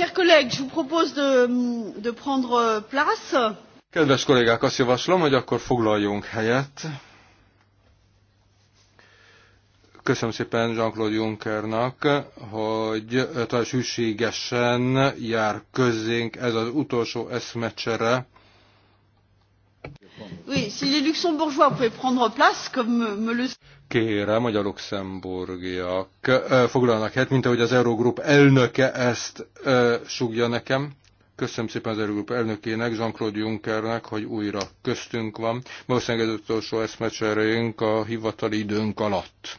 Chers collègues, je vous propose de, de prendre euh, place. Kedves kollégák, azt javaslom, hogy akkor foglaljunk helyet. Köszönöm szépen Jean-Claude Junckernak, hogy talán hűségesen jár közénk ez az utolsó eszmecsere. Oui, si les luxembourgeois pouvaient prendre place, comme me le... Kérem, hogy a luxemburgiak foglalnak helyet, mint ahogy az Eurogroup elnöke ezt ö, sugja nekem. Köszönöm szépen az Eurogroup elnökének, Jean-Claude Junckernek, hogy újra köztünk van. Valószínűleg az utolsó eszmecserénk a hivatali időnk alatt.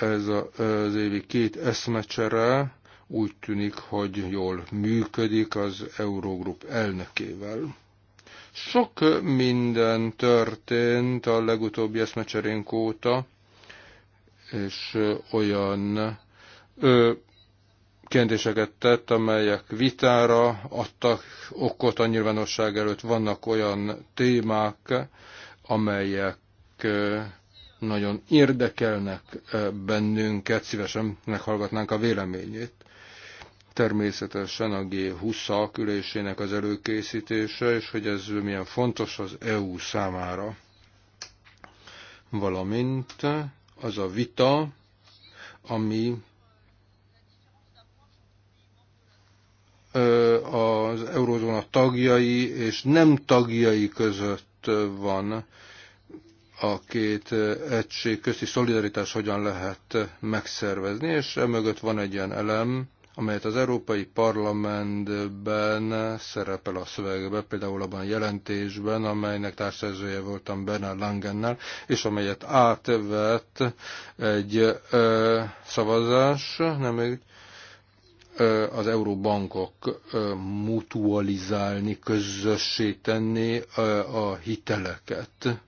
Ez az évi két eszmecsere úgy tűnik, hogy jól működik az Eurogroup elnökével Sok minden történt a legutóbbi eszmecserénk óta, és olyan ö, kérdéseket tett, amelyek vitára adtak okot a nyilvánosság előtt. Vannak olyan témák, amelyek ö, nagyon érdekelnek bennünket, szívesen meghallgatnánk a véleményét természetesen a G20-ak az előkészítése, és hogy ez milyen fontos az EU számára. Valamint az a vita, ami az eurózóna tagjai és nem tagjai között van a két egység közti szolidaritás hogyan lehet megszervezni, és mögött van egy ilyen elem, amelyet az Európai Parlamentben szerepel a szövegbe, például abban a jelentésben, amelynek társzerzője voltam Bernard Langennel, és amelyet átvett egy ö, szavazás, nem egy, ö, az euróbankok ö, mutualizálni, közössé tenni ö, a hiteleket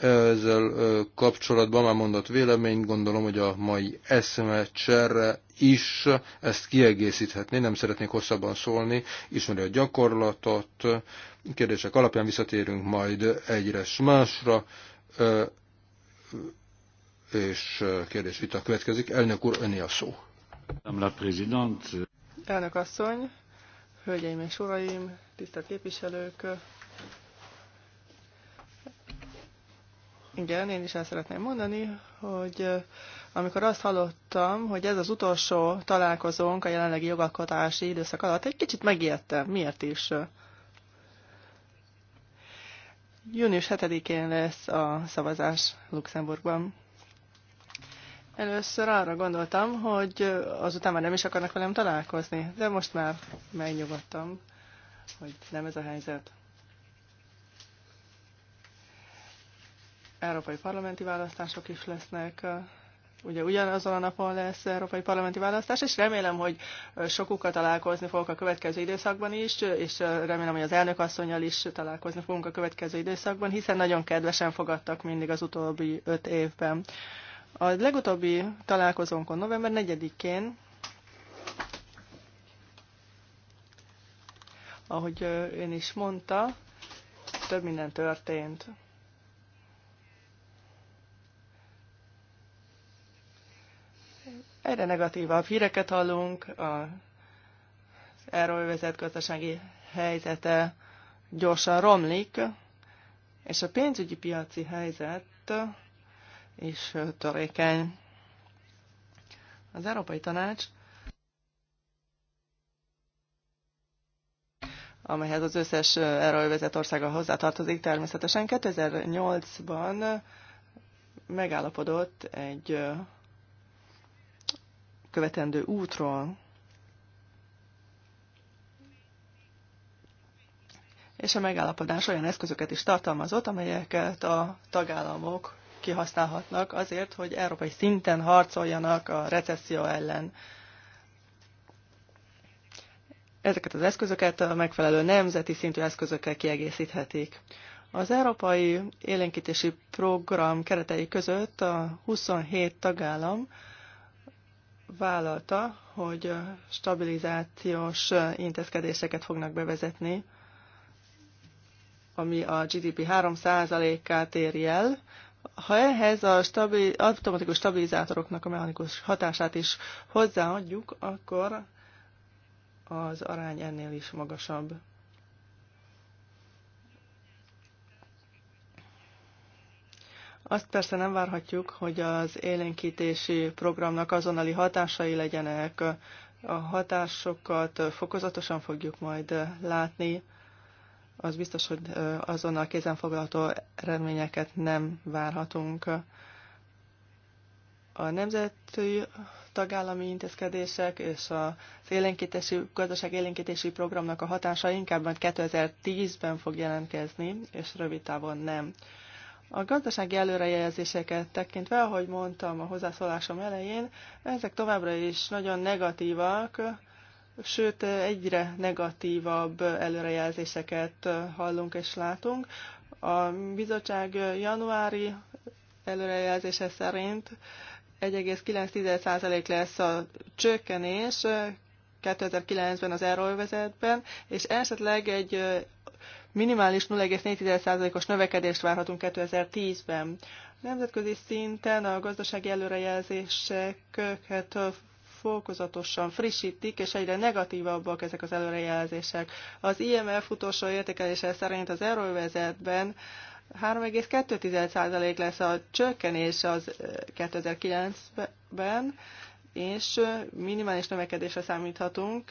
ezzel kapcsolatban már mondott vélemény, gondolom, hogy a mai eszme cserre is ezt kiegészíthetné, nem szeretnék hosszabban szólni, ismeri a gyakorlatot, kérdések alapján visszatérünk majd egyre másra, és kérdés vita következik. Elnök úr, öné a szó. Elnök asszony, hölgyeim és uraim, tisztelt képviselők, igen, én is el szeretném mondani, hogy amikor azt hallottam, hogy ez az utolsó találkozónk a jelenlegi jogalkotási időszak alatt, egy kicsit megijedtem. Miért is? Június 7-én lesz a szavazás Luxemburgban. Először arra gondoltam, hogy azután már nem is akarnak velem találkozni, de most már megnyugodtam, hogy nem ez a helyzet. Európai parlamenti választások is lesznek ugye ugyanazon a napon lesz európai parlamenti választás, és remélem, hogy sokukkal találkozni fogok a következő időszakban is, és remélem, hogy az elnök asszonyjal is találkozni fogunk a következő időszakban, hiszen nagyon kedvesen fogadtak mindig az utóbbi öt évben. A legutóbbi találkozónkon november 4-én, ahogy ön is mondta, több minden történt. Egyre negatívabb híreket hallunk, az euróvezet gazdasági helyzete gyorsan romlik, és a pénzügyi piaci helyzet is törékeny. Az Európai Tanács, amelyhez az összes euróvezet országa hozzátartozik, természetesen 2008-ban megállapodott egy követendő útról. És a megállapodás olyan eszközöket is tartalmazott, amelyeket a tagállamok kihasználhatnak azért, hogy európai szinten harcoljanak a recesszió ellen. Ezeket az eszközöket a megfelelő nemzeti szintű eszközökkel kiegészíthetik. Az Európai Élénkítési Program keretei között a 27 tagállam vállalta, hogy stabilizációs intézkedéseket fognak bevezetni, ami a GDP 3%-át éri el. Ha ehhez a stabil, automatikus stabilizátoroknak a mechanikus hatását is hozzáadjuk, akkor az arány ennél is magasabb. Azt persze nem várhatjuk, hogy az élénkítési programnak azonnali hatásai legyenek. A hatásokat fokozatosan fogjuk majd látni. Az biztos, hogy azonnal kézenfoglalható eredményeket nem várhatunk. A nemzeti tagállami intézkedések és az élénkítési, gazdaság élénkítési programnak a hatása inkább majd 2010-ben fog jelentkezni, és rövid távon nem. A gazdasági előrejelzéseket tekintve, ahogy mondtam a hozzászólásom elején, ezek továbbra is nagyon negatívak, sőt egyre negatívabb előrejelzéseket hallunk és látunk. A bizottság januári előrejelzése szerint 1,9% lesz a csökkenés 2009-ben az euróvezetben, és esetleg egy minimális 0,4%-os növekedést várhatunk 2010-ben. Nemzetközi szinten a gazdasági előrejelzéseket fokozatosan frissítik, és egyre negatívabbak ezek az előrejelzések. Az IMF utolsó értékelése szerint az euróvezetben 3,2% lesz a csökkenés az 2009-ben, eh, és eh, minimális növekedésre számíthatunk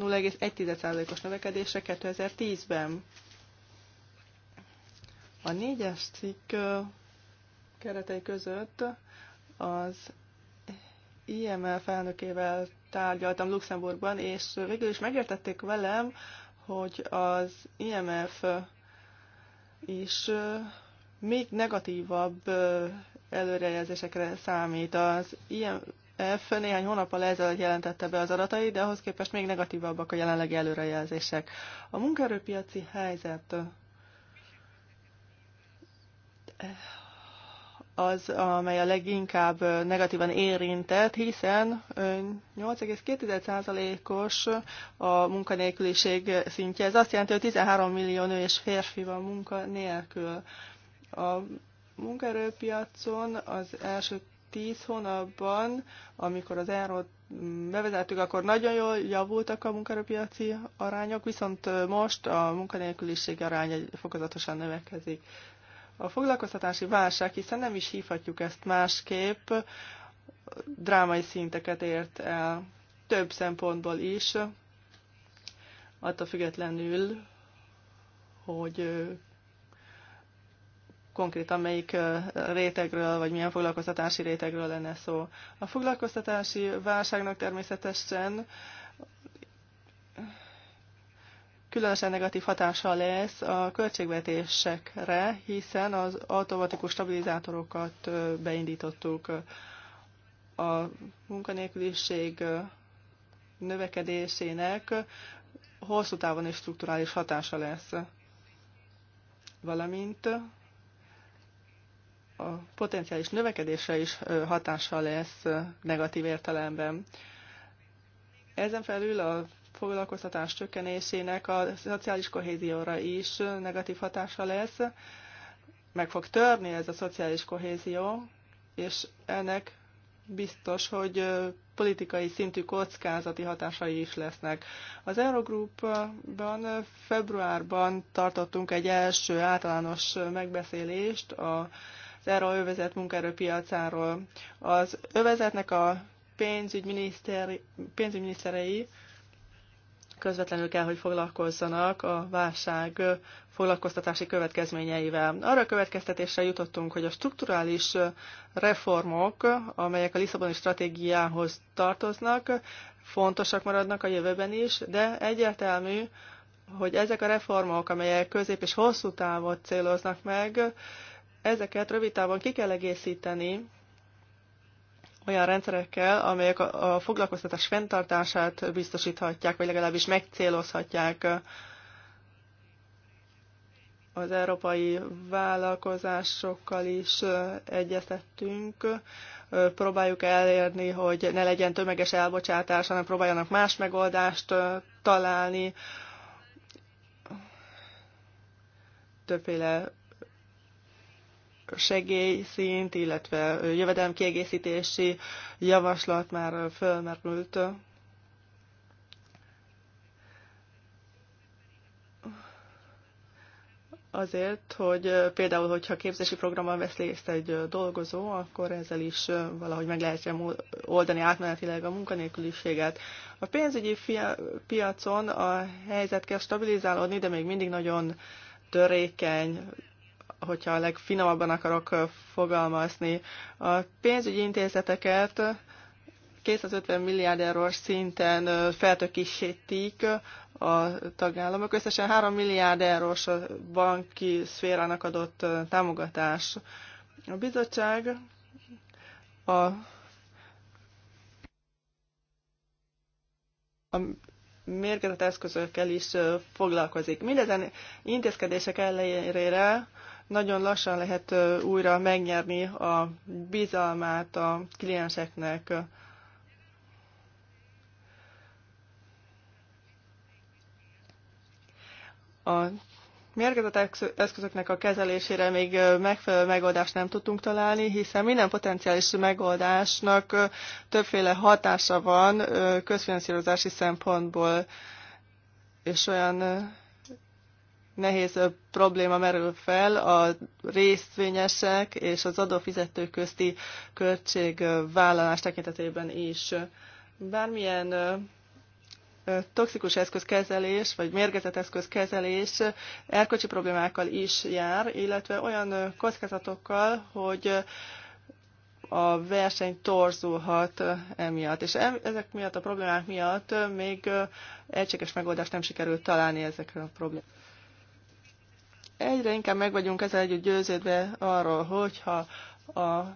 0,1%-os eh, növekedésre 2010-ben. A négyes cikk keretei között az IML felnökével tárgyaltam Luxemburgban, és végül is megértették velem, hogy az IMF is még negatívabb előrejelzésekre számít. Az IMF néhány hónappal ezelőtt jelentette be az adatait, de ahhoz képest még negatívabbak a jelenlegi előrejelzések. A munkaerőpiaci helyzet az, amely a leginkább negatívan érintett, hiszen 8,2%-os a munkanélküliség szintje. Ez azt jelenti, hogy 13 millió nő és férfi van munkanélkül. A munkaerőpiacon az első tíz hónapban, amikor az árót bevezettük, akkor nagyon jól javultak a munkaerőpiaci arányok, viszont most a munkanélküliség aránya fokozatosan növekedik a foglalkoztatási válság, hiszen nem is hívhatjuk ezt másképp, drámai szinteket ért el több szempontból is, attól függetlenül, hogy konkrétan melyik rétegről, vagy milyen foglalkoztatási rétegről lenne szó. A foglalkoztatási válságnak természetesen különösen negatív hatása lesz a költségvetésekre, hiszen az automatikus stabilizátorokat beindítottuk. A munkanélküliség növekedésének hosszú távon és strukturális hatása lesz. Valamint a potenciális növekedésre is hatása lesz negatív értelemben. Ezen felül a foglalkoztatás csökkenésének a szociális kohézióra is negatív hatása lesz. Meg fog törni ez a szociális kohézió, és ennek biztos, hogy politikai szintű kockázati hatásai is lesznek. Az Eurogroupban februárban tartottunk egy első általános megbeszélést a az euróövezet munkaerőpiacáról. Az övezetnek a pénzügyminiszteri, pénzügyminiszterei közvetlenül kell, hogy foglalkozzanak a válság foglalkoztatási következményeivel. Arra a következtetésre jutottunk, hogy a strukturális reformok, amelyek a Lisszaboni stratégiához tartoznak, fontosak maradnak a jövőben is, de egyértelmű, hogy ezek a reformok, amelyek közép és hosszú távot céloznak meg, ezeket rövid távon ki kell egészíteni olyan rendszerekkel, amelyek a, foglalkoztatás fenntartását biztosíthatják, vagy legalábbis megcélozhatják az európai vállalkozásokkal is egyeztettünk. Próbáljuk elérni, hogy ne legyen tömeges elbocsátás, hanem próbáljanak más megoldást találni. Többféle segélyszint, illetve jövedelemkiegészítési javaslat már fölmerült. Azért, hogy például, hogyha képzési programban vesz részt egy dolgozó, akkor ezzel is valahogy meg lehetne oldani átmenetileg a munkanélküliséget. A pénzügyi piacon a helyzet kell stabilizálódni, de még mindig nagyon törékeny, hogyha a legfinomabban akarok eh, fogalmazni. A pénzügyi intézeteket 250 milliárd eurós szinten eh, feltökisítik a tagállamok. Összesen 3 milliárd eurós a banki szférának adott eh, támogatás. A bizottság a, a mérgezett eszközökkel is foglalkozik. Mindezen intézkedések ellenére nagyon lassan lehet újra megnyerni a bizalmát a klienseknek. A mérgezett eszközöknek a kezelésére még megfelelő megoldást nem tudtunk találni, hiszen minden potenciális megoldásnak többféle hatása van közfinanszírozási szempontból, és olyan nehéz probléma merül fel a részvényesek és az adófizetők közti költségvállalás tekintetében is. Bármilyen toxikus eszközkezelés, vagy mérgezett eszközkezelés erkölcsi problémákkal is jár, illetve olyan kockázatokkal, hogy a verseny torzulhat emiatt. És ezek miatt a problémák miatt még egységes megoldást nem sikerült találni ezekre a problémákra egyre inkább meg vagyunk ezzel együtt győződve arról, hogyha a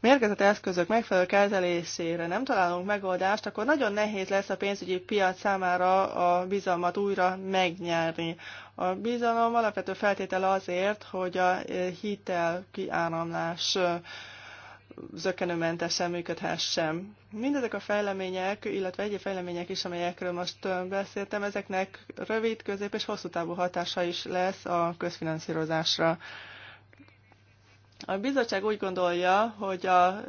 mérgezett eszközök megfelelő kezelésére nem találunk megoldást, akkor nagyon nehéz lesz a pénzügyi piac számára a bizalmat újra megnyerni. A bizalom alapvető feltétel azért, hogy a hitel kiáramlás zökenőmentesen sem. Mindezek a fejlemények, illetve egyéb fejlemények is, amelyekről most beszéltem, ezeknek rövid, közép és hosszú távú hatása is lesz a közfinanszírozásra. A bizottság úgy gondolja, hogy a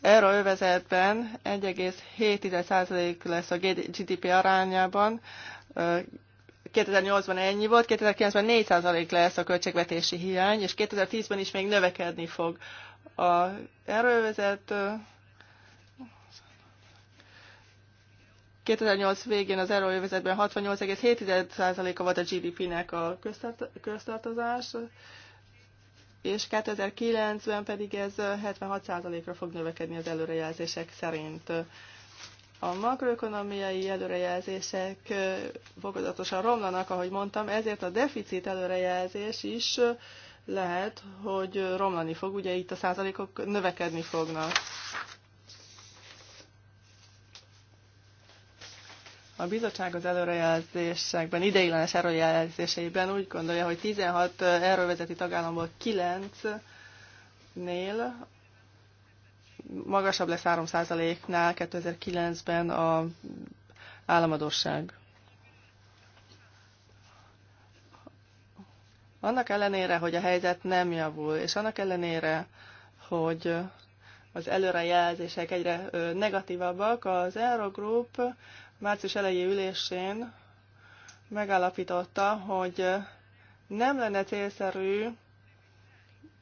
erre övezetben 1,7% lesz a GDP arányában, 2008-ban ennyi volt, 2009-ben 4% lesz a költségvetési hiány, és 2010-ben is még növekedni fog a erővezet 2008 végén az euróövezetben 68,7%-a volt a GDP-nek a köztartozás, és 2009-ben pedig ez 76%-ra fog növekedni az előrejelzések szerint. A makroökonomiai előrejelzések fokozatosan romlanak, ahogy mondtam, ezért a deficit előrejelzés is lehet, hogy romlani fog, ugye itt a százalékok növekedni fognak. A bizottság az előrejelzésekben, ideiglenes előrejelzéseiben úgy gondolja, hogy 16 erővezeti tagállamból 9-nél magasabb lesz 3%-nál 2009-ben a államadóság. Annak ellenére, hogy a helyzet nem javul, és annak ellenére, hogy az előrejelzések egyre negatívabbak, az Eurogroup március elejé ülésén megállapította, hogy nem lenne célszerű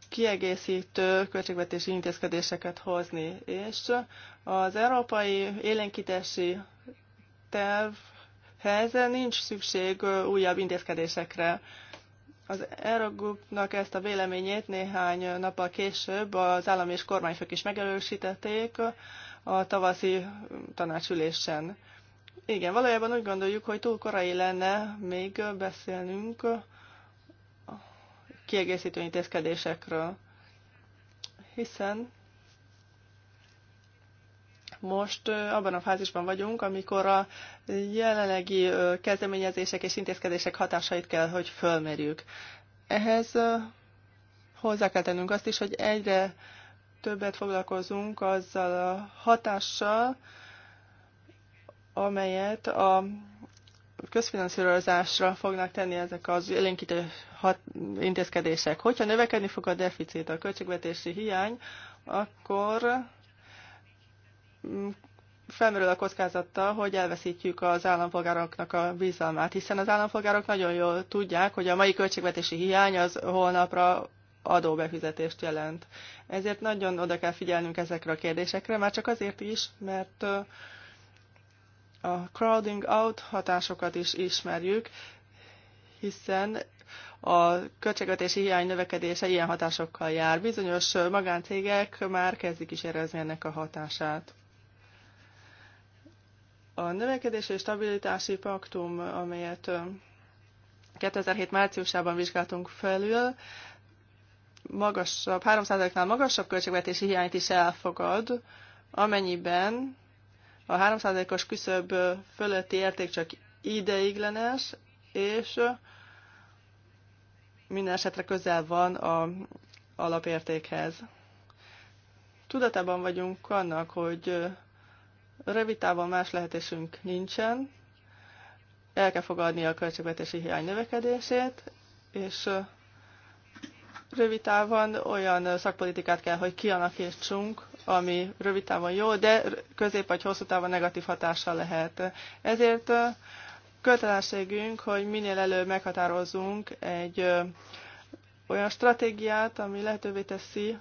kiegészítő költségvetési intézkedéseket hozni, és az európai élénkítési tervhez nincs szükség újabb intézkedésekre. Az Eurogroupnak ezt a véleményét néhány nappal később az állam és kormányfők is megerősítették a tavaszi tanácsülésen. Igen, valójában úgy gondoljuk, hogy túl korai lenne még beszélnünk kiegészítő intézkedésekről, hiszen Most abban a fázisban vagyunk, amikor a jelenlegi kezdeményezések és intézkedések hatásait kell, hogy fölmerjük. Ehhez hozzá kell tennünk azt is, hogy egyre többet foglalkozunk azzal a hatással, amelyet a közfinanszírozásra fognak tenni ezek az élénkítő intézkedések. Hogyha növekedni fog a deficit, a költségvetési hiány, akkor Mm, felmerül a kockázata, hogy elveszítjük az állampolgároknak a bizalmát, hiszen az állampolgárok nagyon jól tudják, hogy a mai költségvetési hiány az holnapra adóbefizetést jelent. Ezért nagyon oda kell figyelnünk ezekre a kérdésekre, már csak azért is, mert a crowding out hatásokat is ismerjük, hiszen a költségvetési hiány növekedése ilyen hatásokkal jár. Bizonyos magáncégek már kezdik is érezni ennek a hatását. A növekedés és stabilitási paktum, amelyet 2007 márciusában vizsgáltunk felül, magasabb, 3%-nál magasabb költségvetési hiányt is elfogad, amennyiben a 3%-os küszöb fölötti érték csak ideiglenes, és minden esetre közel van a alapértékhez. Tudatában vagyunk annak, hogy Rövid távon más lehetésünk nincsen. El kell fogadni a költségvetési hiány növekedését, és rövid távon olyan szakpolitikát kell, hogy kialakítsunk, ami rövid távon jó, de közép vagy hosszú távon negatív hatása lehet. Ezért kötelességünk, hogy minél előbb meghatározunk egy olyan stratégiát, ami lehetővé teszi,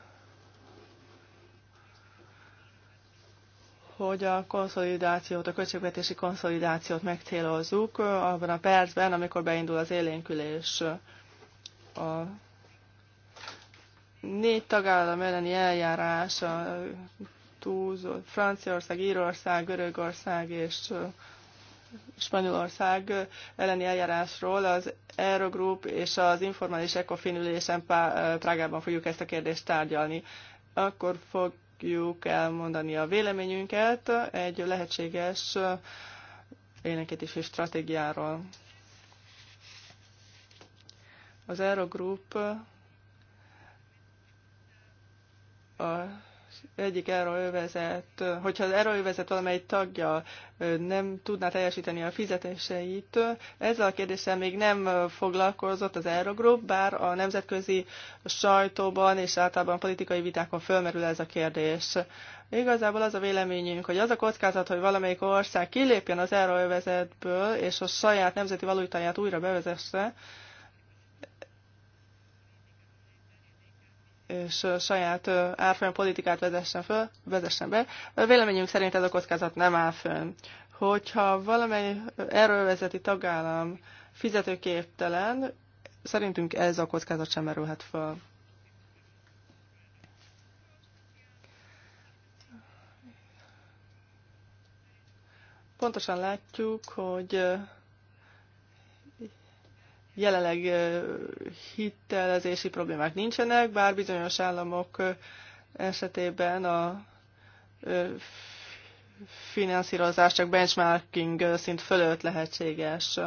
hogy a konszolidációt, a költségvetési konszolidációt megcélozzuk abban a percben, amikor beindul az élénkülés. A négy tagállam elleni eljárás, a túlzott Franciaország, Írország, Görögország és Spanyolország elleni eljárásról az Eurogroup és az informális ECOFIN ülésen Prágában fogjuk ezt a kérdést tárgyalni. Akkor fog fogjuk elmondani a véleményünket egy lehetséges éneketési stratégiáról. Az Aero Group a egyik erőövezet, hogyha az erőövezet valamelyik tagja nem tudná teljesíteni a fizetéseit, ezzel a kérdéssel még nem foglalkozott az Eurogroup, bár a nemzetközi sajtóban és általában politikai vitákon fölmerül ez a kérdés. Igazából az a véleményünk, hogy az a kockázat, hogy valamelyik ország kilépjen az euróövezetből, és a saját nemzeti valutáját újra bevezesse, és saját árfolyam politikát vezessen, föl, vezessen be. Véleményünk szerint ez a kockázat nem áll fönn. Hogyha valamely erővezeti tagállam fizetőképtelen, szerintünk ez a kockázat sem merülhet föl. Pontosan látjuk, hogy Jelenleg hitelezési problémák nincsenek, bár bizonyos államok esetében a finanszírozás csak benchmarking szint fölött lehetséges.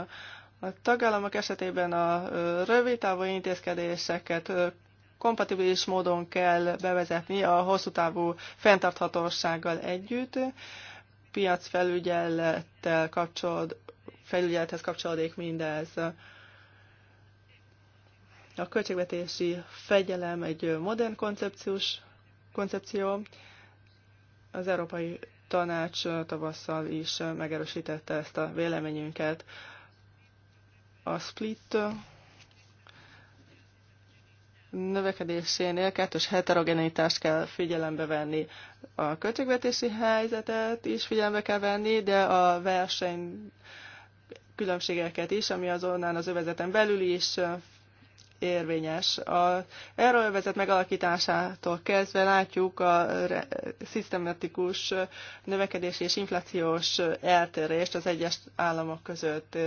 A tagállamok esetében a rövid távú intézkedéseket kompatibilis módon kell bevezetni a hosszú távú fenntarthatósággal együtt, piacfelügyelettel kapcsolód, felügyelethez kapcsolódik mindez. A költségvetési fegyelem egy modern koncepciós koncepció. Az Európai Tanács tavasszal is megerősítette ezt a véleményünket. A split növekedésénél kettős heterogenitást kell figyelembe venni. A költségvetési helyzetet is figyelembe kell venni, de a verseny különbségeket is, ami azonnal az övezeten belül is érvényes. A erőövezet megalakításától kezdve látjuk a szisztematikus növekedési és inflációs eltérést az egyes államok között.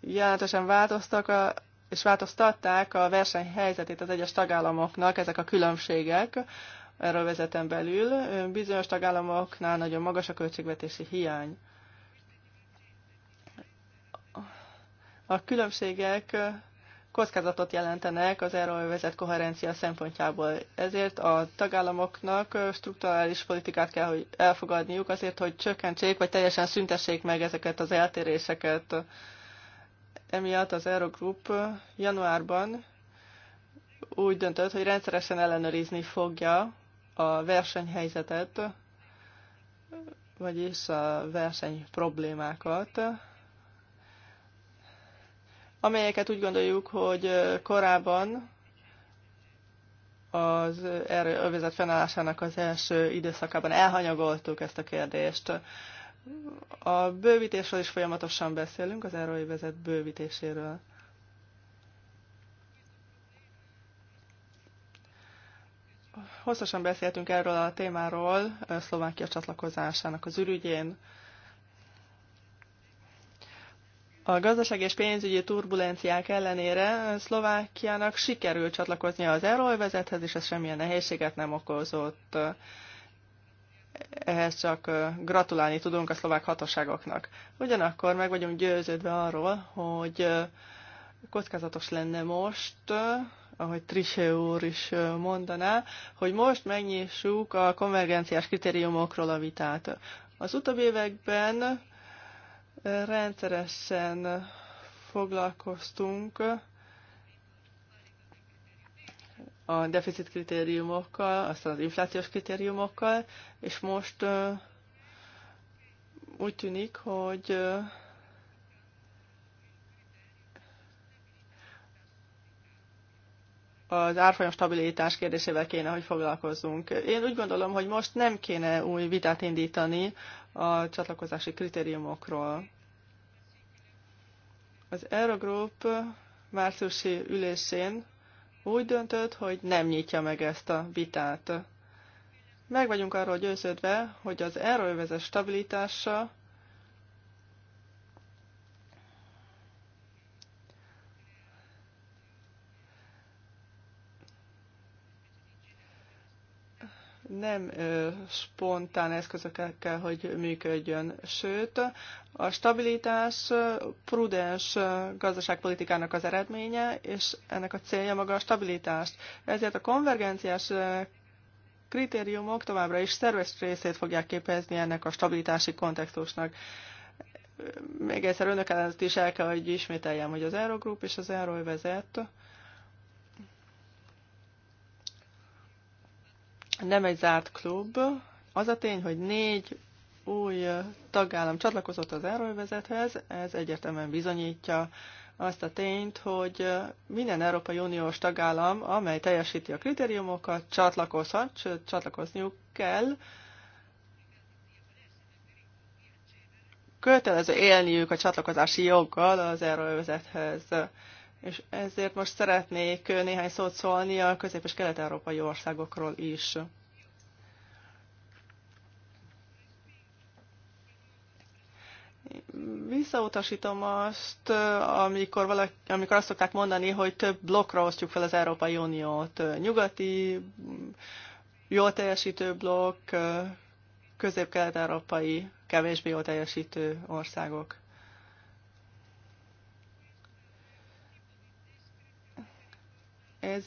Jelentősen változtak a, és változtatták a versenyhelyzetét az egyes tagállamoknak ezek a különbségek vezetem belül. Bizonyos tagállamoknál nagyon magas a költségvetési hiány. A különbségek kockázatot jelentenek az euróvezet koherencia szempontjából. Ezért a tagállamoknak strukturális politikát kell, hogy elfogadniuk azért, hogy csökkentsék, vagy teljesen szüntessék meg ezeket az eltéréseket. Emiatt az Eurogroup januárban úgy döntött, hogy rendszeresen ellenőrizni fogja a versenyhelyzetet, vagyis a verseny problémákat amelyeket úgy gondoljuk, hogy korábban az övezet fennállásának az első időszakában elhanyagoltuk ezt a kérdést. A bővítésről is folyamatosan beszélünk, az erői vezet bővítéséről. Hosszasan beszéltünk erről a témáról Szlovákia csatlakozásának az ürügyén, a gazdaság és pénzügyi turbulenciák ellenére Szlovákiának sikerült csatlakoznia az euróvezethez, és ez semmilyen nehézséget nem okozott. Ehhez csak gratulálni tudunk a szlovák hatóságoknak. Ugyanakkor meg vagyunk győződve arról, hogy kockázatos lenne most, ahogy Trise úr is mondaná, hogy most megnyissuk a konvergenciás kritériumokról a vitát. Az utóbbi években rendszeresen foglalkoztunk a deficit kritériumokkal, aztán az inflációs kritériumokkal, és most úgy tűnik, hogy az árfolyam stabilitás kérdésével kéne, hogy foglalkozzunk. Én úgy gondolom, hogy most nem kéne új vitát indítani a csatlakozási kritériumokról. Az Eurogroup márciusi ülésén úgy döntött, hogy nem nyitja meg ezt a vitát. Meg vagyunk arról győződve, hogy az euróövezet stabilitása nem ö, spontán eszközökkel hogy működjön. Sőt, a stabilitás prudens gazdaságpolitikának az eredménye, és ennek a célja maga a stabilitást. Ezért a konvergenciás kritériumok továbbra is szerves részét fogják képezni ennek a stabilitási kontextusnak. Még egyszer önök előtt is el kell, hogy ismételjem, hogy az Eurogroup és az Euróvezet vezet nem egy zárt klub. Az a tény, hogy négy új tagállam csatlakozott az erővezethez, ez egyértelműen bizonyítja azt a tényt, hogy minden Európai Uniós tagállam, amely teljesíti a kritériumokat, csatlakozhat, sőt, csatlakozniuk kell, kötelező élniük a csatlakozási joggal az erővezethez és ezért most szeretnék néhány szót szólni a közép- és kelet-európai országokról is. Visszautasítom azt, amikor, valaki, amikor azt szokták mondani, hogy több blokkra osztjuk fel az Európai Uniót. Nyugati, jól teljesítő blokk, közép-kelet-európai, kevésbé jól teljesítő országok. Ez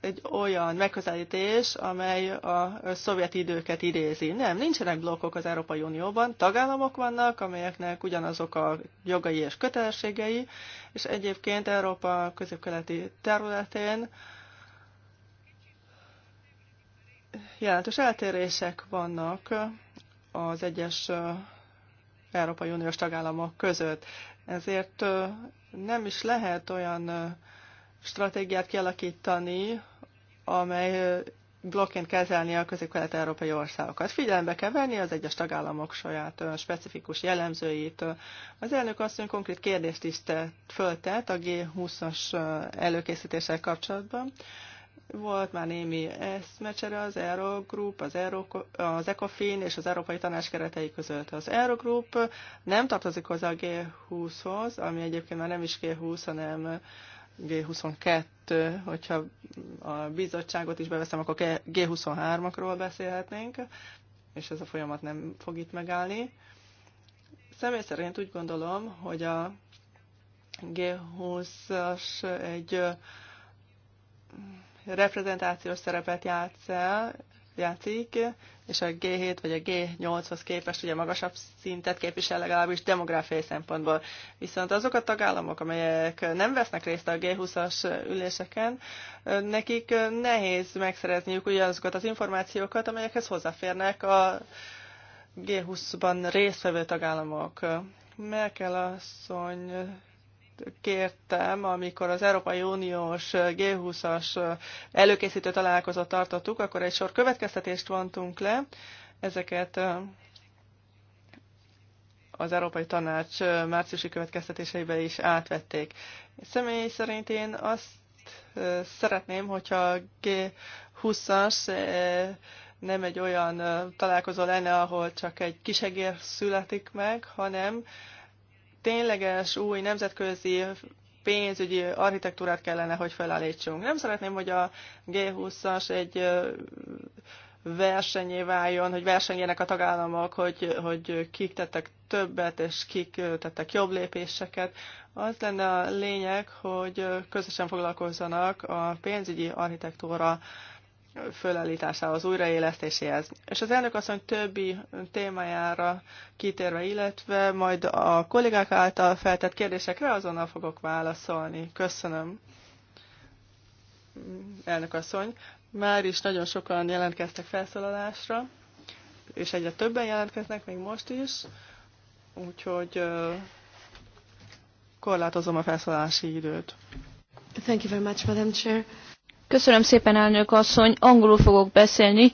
egy olyan megközelítés, amely a szovjet időket idézi. Nem, nincsenek blokkok az Európai Unióban, tagállamok vannak, amelyeknek ugyanazok a jogai és kötelességei, és egyébként Európa középkeleti területén jelentős eltérések vannak az egyes Európai Uniós tagállamok között. Ezért nem is lehet olyan stratégiát kialakítani, amely blokként kezelni a közép-kelet-európai országokat. Figyelembe kell venni az egyes tagállamok saját specifikus jellemzőit. Az elnök asszony konkrét kérdést is tett, föltett a G20-as előkészítéssel kapcsolatban. Volt már némi eszmecsere az Eurogroup, az, Euro, az ECOFIN és az Európai Tanács keretei között. Az Eurogroup nem tartozik hozzá a G20-hoz, ami egyébként már nem is G20, hanem G22, hogyha a bizottságot is beveszem, akkor G23-akról beszélhetnénk, és ez a folyamat nem fog itt megállni. Személy szerint úgy gondolom, hogy a G20-as egy reprezentációs szerepet játsz el, játszik, és a G7 vagy a G8-hoz képest ugye magasabb szintet képvisel legalábbis demográfiai szempontból. Viszont azok a tagállamok, amelyek nem vesznek részt a G20-as üléseken, nekik nehéz megszerezniük ugyanazokat az információkat, amelyekhez hozzáférnek a G20-ban résztvevő tagállamok. Merkel asszony kértem, amikor az Európai Uniós G20-as előkészítő találkozót tartottuk, akkor egy sor következtetést vontunk le. Ezeket az Európai Tanács márciusi következtetéseibe is átvették. Személy szerint én azt szeretném, hogyha G20-as nem egy olyan találkozó lenne, ahol csak egy kisegér születik meg, hanem tényleges új nemzetközi pénzügyi architektúrát kellene, hogy felállítsunk. Nem szeretném, hogy a G20-as egy versenyé váljon, hogy versenyének a tagállamok, hogy, hogy kik tettek többet, és kik tettek jobb lépéseket. Az lenne a lényeg, hogy közösen foglalkozzanak a pénzügyi architektúra fölállításához, újraélesztéséhez. És az elnök asszony többi témájára kitérve, illetve majd a kollégák által feltett kérdésekre azonnal fogok válaszolni. Köszönöm, elnök asszony. Már is nagyon sokan jelentkeztek felszólalásra, és egyre többen jelentkeznek, még most is, úgyhogy korlátozom a felszólalási időt. Thank you very much, Madam Chair. Köszönöm szépen, elnök asszony, angolul fogok beszélni.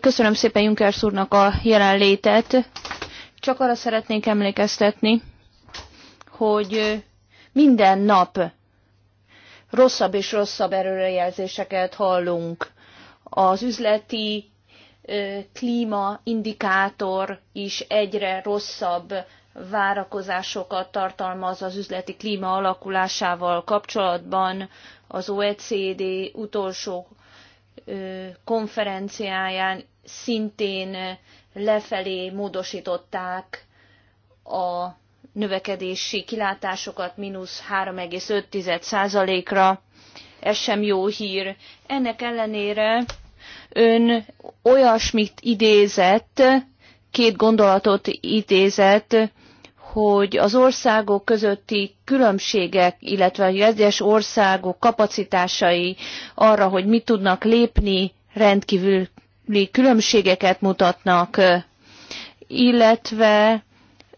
Köszönöm szépen Juncker úrnak a jelenlétet. Csak arra szeretnénk emlékeztetni, hogy minden nap rosszabb és rosszabb erőrejelzéseket hallunk. Az üzleti klímaindikátor is egyre rosszabb várakozásokat tartalmaz az üzleti klíma alakulásával kapcsolatban az OECD utolsó konferenciáján szintén lefelé módosították a növekedési kilátásokat mínusz 3,5%-ra. Ez sem jó hír. Ennek ellenére ön olyasmit idézett, két gondolatot idézett, hogy az országok közötti különbségek, illetve egyes országok kapacitásai arra, hogy mit tudnak lépni, rendkívüli különbségeket mutatnak, illetve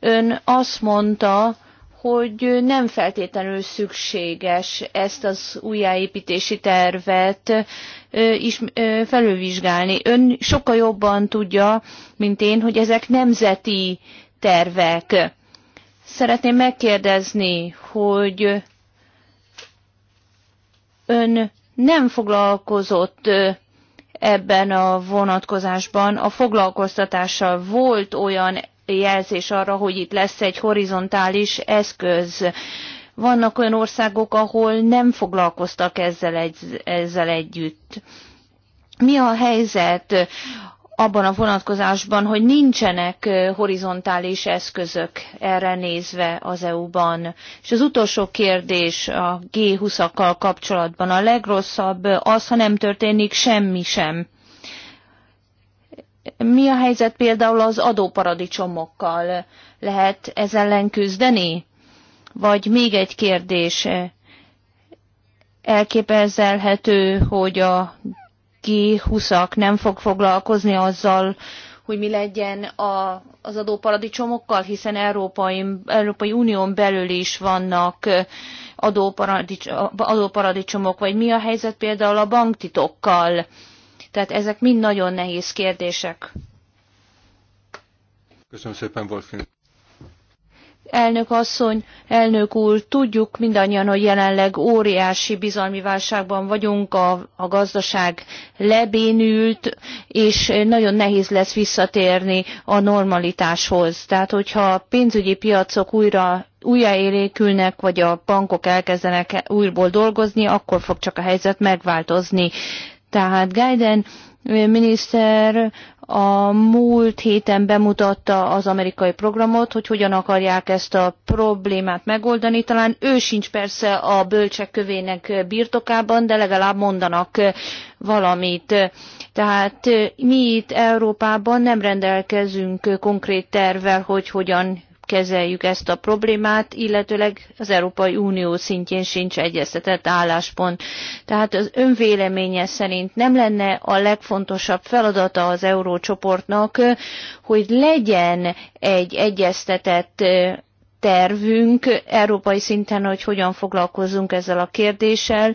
ön azt mondta, hogy nem feltétlenül szükséges ezt az újjáépítési tervet is felülvizsgálni. Ön sokkal jobban tudja, mint én, hogy ezek nemzeti tervek Szeretném megkérdezni, hogy ön nem foglalkozott ebben a vonatkozásban a foglalkoztatással. Volt olyan jelzés arra, hogy itt lesz egy horizontális eszköz. Vannak olyan országok, ahol nem foglalkoztak ezzel, egy, ezzel együtt. Mi a helyzet abban a vonatkozásban, hogy nincsenek horizontális eszközök erre nézve az EU-ban. És az utolsó kérdés a G20-akkal kapcsolatban. A legrosszabb az, ha nem történik semmi sem. Mi a helyzet például az adóparadicsomokkal? Lehet ez ellen küzdeni? Vagy még egy kérdés. Elképzelhető, hogy a ki húszak nem fog foglalkozni azzal, hogy mi legyen a, az adóparadicsomokkal, hiszen Európai, Európai Unión belül is vannak adóparadicsomok, vagy mi a helyzet például a banktitokkal. Tehát ezek mind nagyon nehéz kérdések. Köszönöm szépen, Wolfgang. Elnök asszony, elnök úr, tudjuk mindannyian, hogy jelenleg óriási bizalmi válságban vagyunk, a, a gazdaság lebénült, és nagyon nehéz lesz visszatérni a normalitáshoz. Tehát, hogyha a pénzügyi piacok újra újjáélékülnek, vagy a bankok elkezdenek újból dolgozni, akkor fog csak a helyzet megváltozni. Tehát Gaiden miniszter a múlt héten bemutatta az amerikai programot, hogy hogyan akarják ezt a problémát megoldani. Talán ő sincs persze a bölcsek kövének birtokában, de legalább mondanak valamit. Tehát mi itt Európában nem rendelkezünk konkrét tervvel, hogy hogyan kezeljük ezt a problémát, illetőleg az Európai Unió szintjén sincs egyeztetett álláspont. Tehát az önvéleménye szerint nem lenne a legfontosabb feladata az eurócsoportnak, hogy legyen egy egyeztetett tervünk európai szinten, hogy hogyan foglalkozunk ezzel a kérdéssel,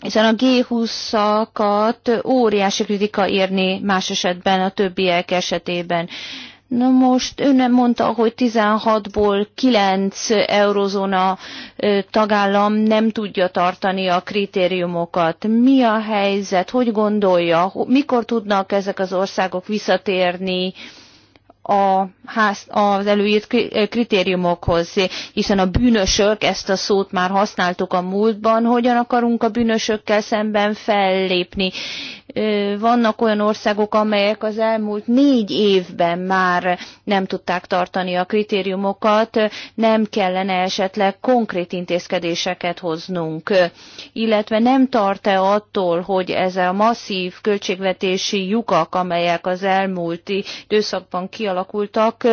hiszen a G20-akat óriási kritika érni más esetben a többiek esetében. Na most ön nem mondta, hogy 16-ból 9 eurozóna tagállam nem tudja tartani a kritériumokat. Mi a helyzet? Hogy gondolja? Mikor tudnak ezek az országok visszatérni a ház, az előírt kritériumokhoz, hiszen a bűnösök, ezt a szót már használtuk a múltban, hogyan akarunk a bűnösökkel szemben fellépni, Vannak olyan országok, amelyek az elmúlt négy évben már nem tudták tartani a kritériumokat, nem kellene esetleg konkrét intézkedéseket hoznunk, illetve nem tart-e attól, hogy ez a masszív költségvetési lyukak, amelyek az elmúlt időszakban kialakultak,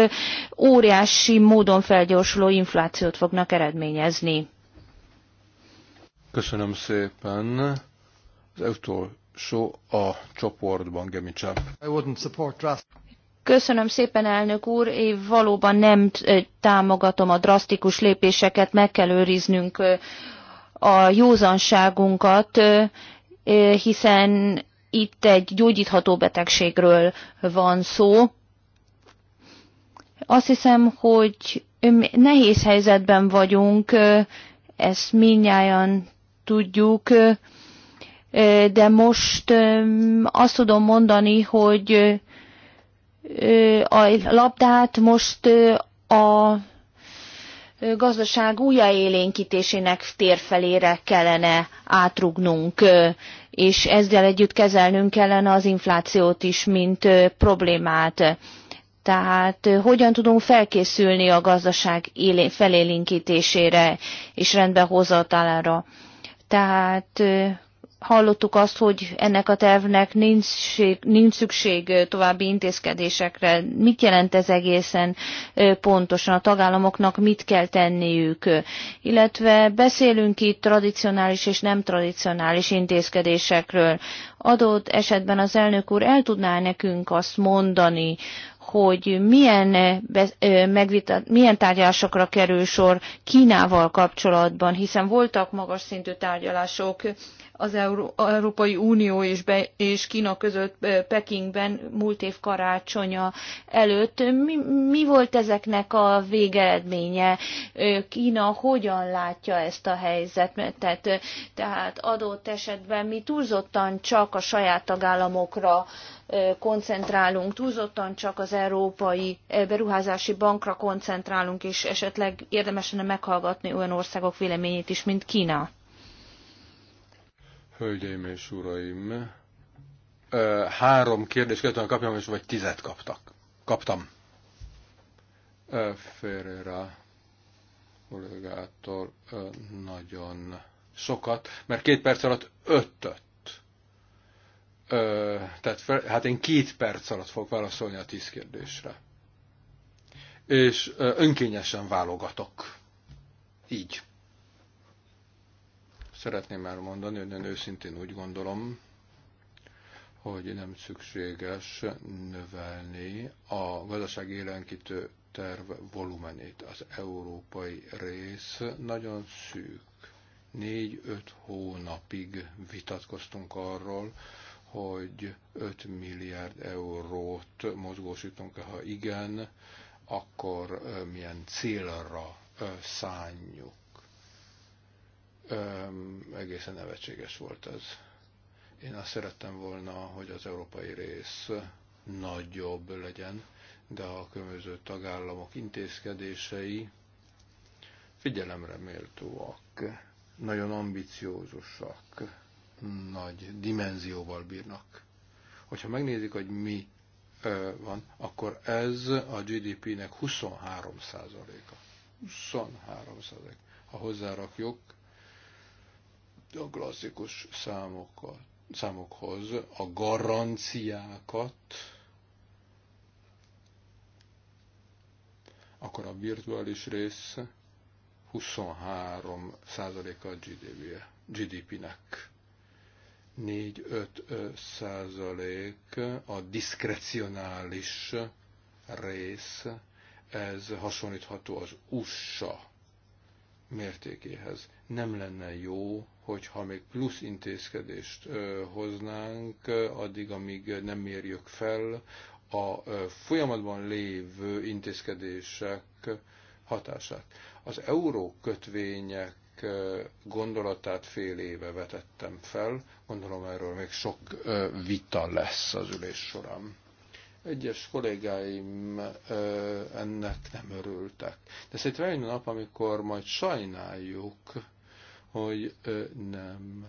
óriási módon felgyorsuló inflációt fognak eredményezni. Köszönöm szépen. Az EU-tól utolsó a csoportban, Gemicsa. Köszönöm szépen, elnök úr. Én valóban nem támogatom a drasztikus lépéseket, meg kell őriznünk a józanságunkat, hiszen itt egy gyógyítható betegségről van szó. Azt hiszem, hogy nehéz helyzetben vagyunk, ezt minnyáján tudjuk, de most azt tudom mondani, hogy a labdát most a gazdaság újjáélénkítésének térfelére kellene átrugnunk, és ezzel együtt kezelnünk kellene az inflációt is, mint problémát. Tehát hogyan tudunk felkészülni a gazdaság felélinkítésére és rendbehozatalára. Tehát hallottuk azt, hogy ennek a tervnek nincs, nincs szükség további intézkedésekre. Mit jelent ez egészen pontosan? A tagállamoknak mit kell tenniük? Illetve beszélünk itt tradicionális és nem tradicionális intézkedésekről. Adott esetben az elnök úr el tudná nekünk azt mondani, hogy milyen, megvitat, milyen tárgyalásokra kerül sor Kínával kapcsolatban, hiszen voltak magas szintű tárgyalások az Európai Unió és, be, és Kína között Pekingben múlt év karácsonya előtt. Mi, mi volt ezeknek a végeredménye? Kína hogyan látja ezt a helyzetet? Tehát adott esetben mi túlzottan csak a saját tagállamokra koncentrálunk, túlzottan csak az Európai Beruházási Bankra koncentrálunk, és esetleg érdemes lenne meghallgatni olyan országok véleményét is, mint Kína. Hölgyeim és uraim, három kérdés kellett kapjam, és vagy tizet kaptak. Kaptam. Ferreira kollégától nagyon sokat, mert két perc alatt ötöt. Tehát fel, hát én két perc alatt fogok válaszolni a tíz kérdésre. És önkényesen válogatok. Így. Szeretném már mondani, hogy én őszintén úgy gondolom, hogy nem szükséges növelni a gazdaság élenkítő terv volumenét. Az európai rész nagyon szűk. Négy-öt hónapig vitatkoztunk arról, hogy 5 milliárd eurót mozgósítunk, ha igen, akkor milyen célra szánjuk egészen nevetséges volt ez. Én azt szerettem volna, hogy az európai rész nagyobb legyen, de a különböző tagállamok intézkedései figyelemre méltóak, nagyon ambiciózusak, nagy dimenzióval bírnak. Hogyha megnézik, hogy mi van, akkor ez a GDP-nek 23 százaléka. 23 százalék. Ha hozzárakjuk a klasszikus számokat, számokhoz a garanciákat, akkor a virtuális rész 23 a GDP-nek. gdp 4-5 százalék a diszkrecionális rész, ez hasonlítható az USA mértékéhez. Nem lenne jó, hogyha még plusz intézkedést hoznánk, addig, amíg nem mérjük fel a folyamatban lévő intézkedések hatását. Az euró kötvények gondolatát fél éve vetettem fel, gondolom erről még sok vita lesz az ülés során egyes kollégáim ennek nem örültek. De szerintem eljön a nap, amikor majd sajnáljuk, hogy nem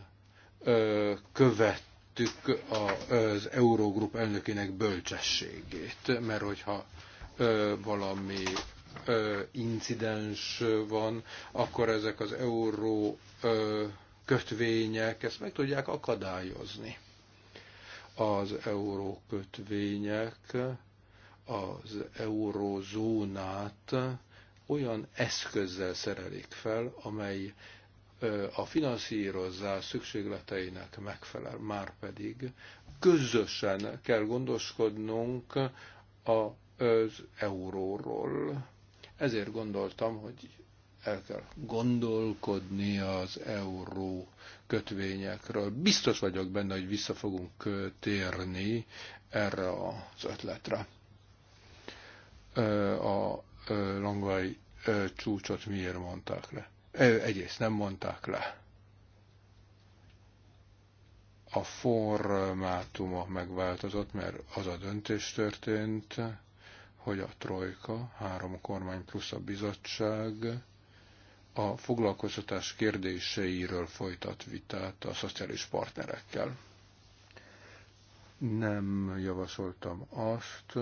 követtük az Eurogrup elnökének bölcsességét, mert hogyha valami incidens van, akkor ezek az euró kötvények ezt meg tudják akadályozni az eurókötvények az eurózónát olyan eszközzel szerelik fel, amely a finanszírozás szükségleteinek megfelel, már pedig közösen kell gondoskodnunk az euróról. Ezért gondoltam, hogy el kell gondolkodni az euró kötvényekről. Biztos vagyok benne, hogy vissza fogunk térni erre az ötletre. A langvai csúcsot miért mondták le? Egyrészt nem mondták le. A formátuma megváltozott, mert az a döntés történt, hogy a trojka, három kormány plusz a bizottság a foglalkoztatás kérdéseiről folytat vitát a szociális partnerekkel. Nem javasoltam azt,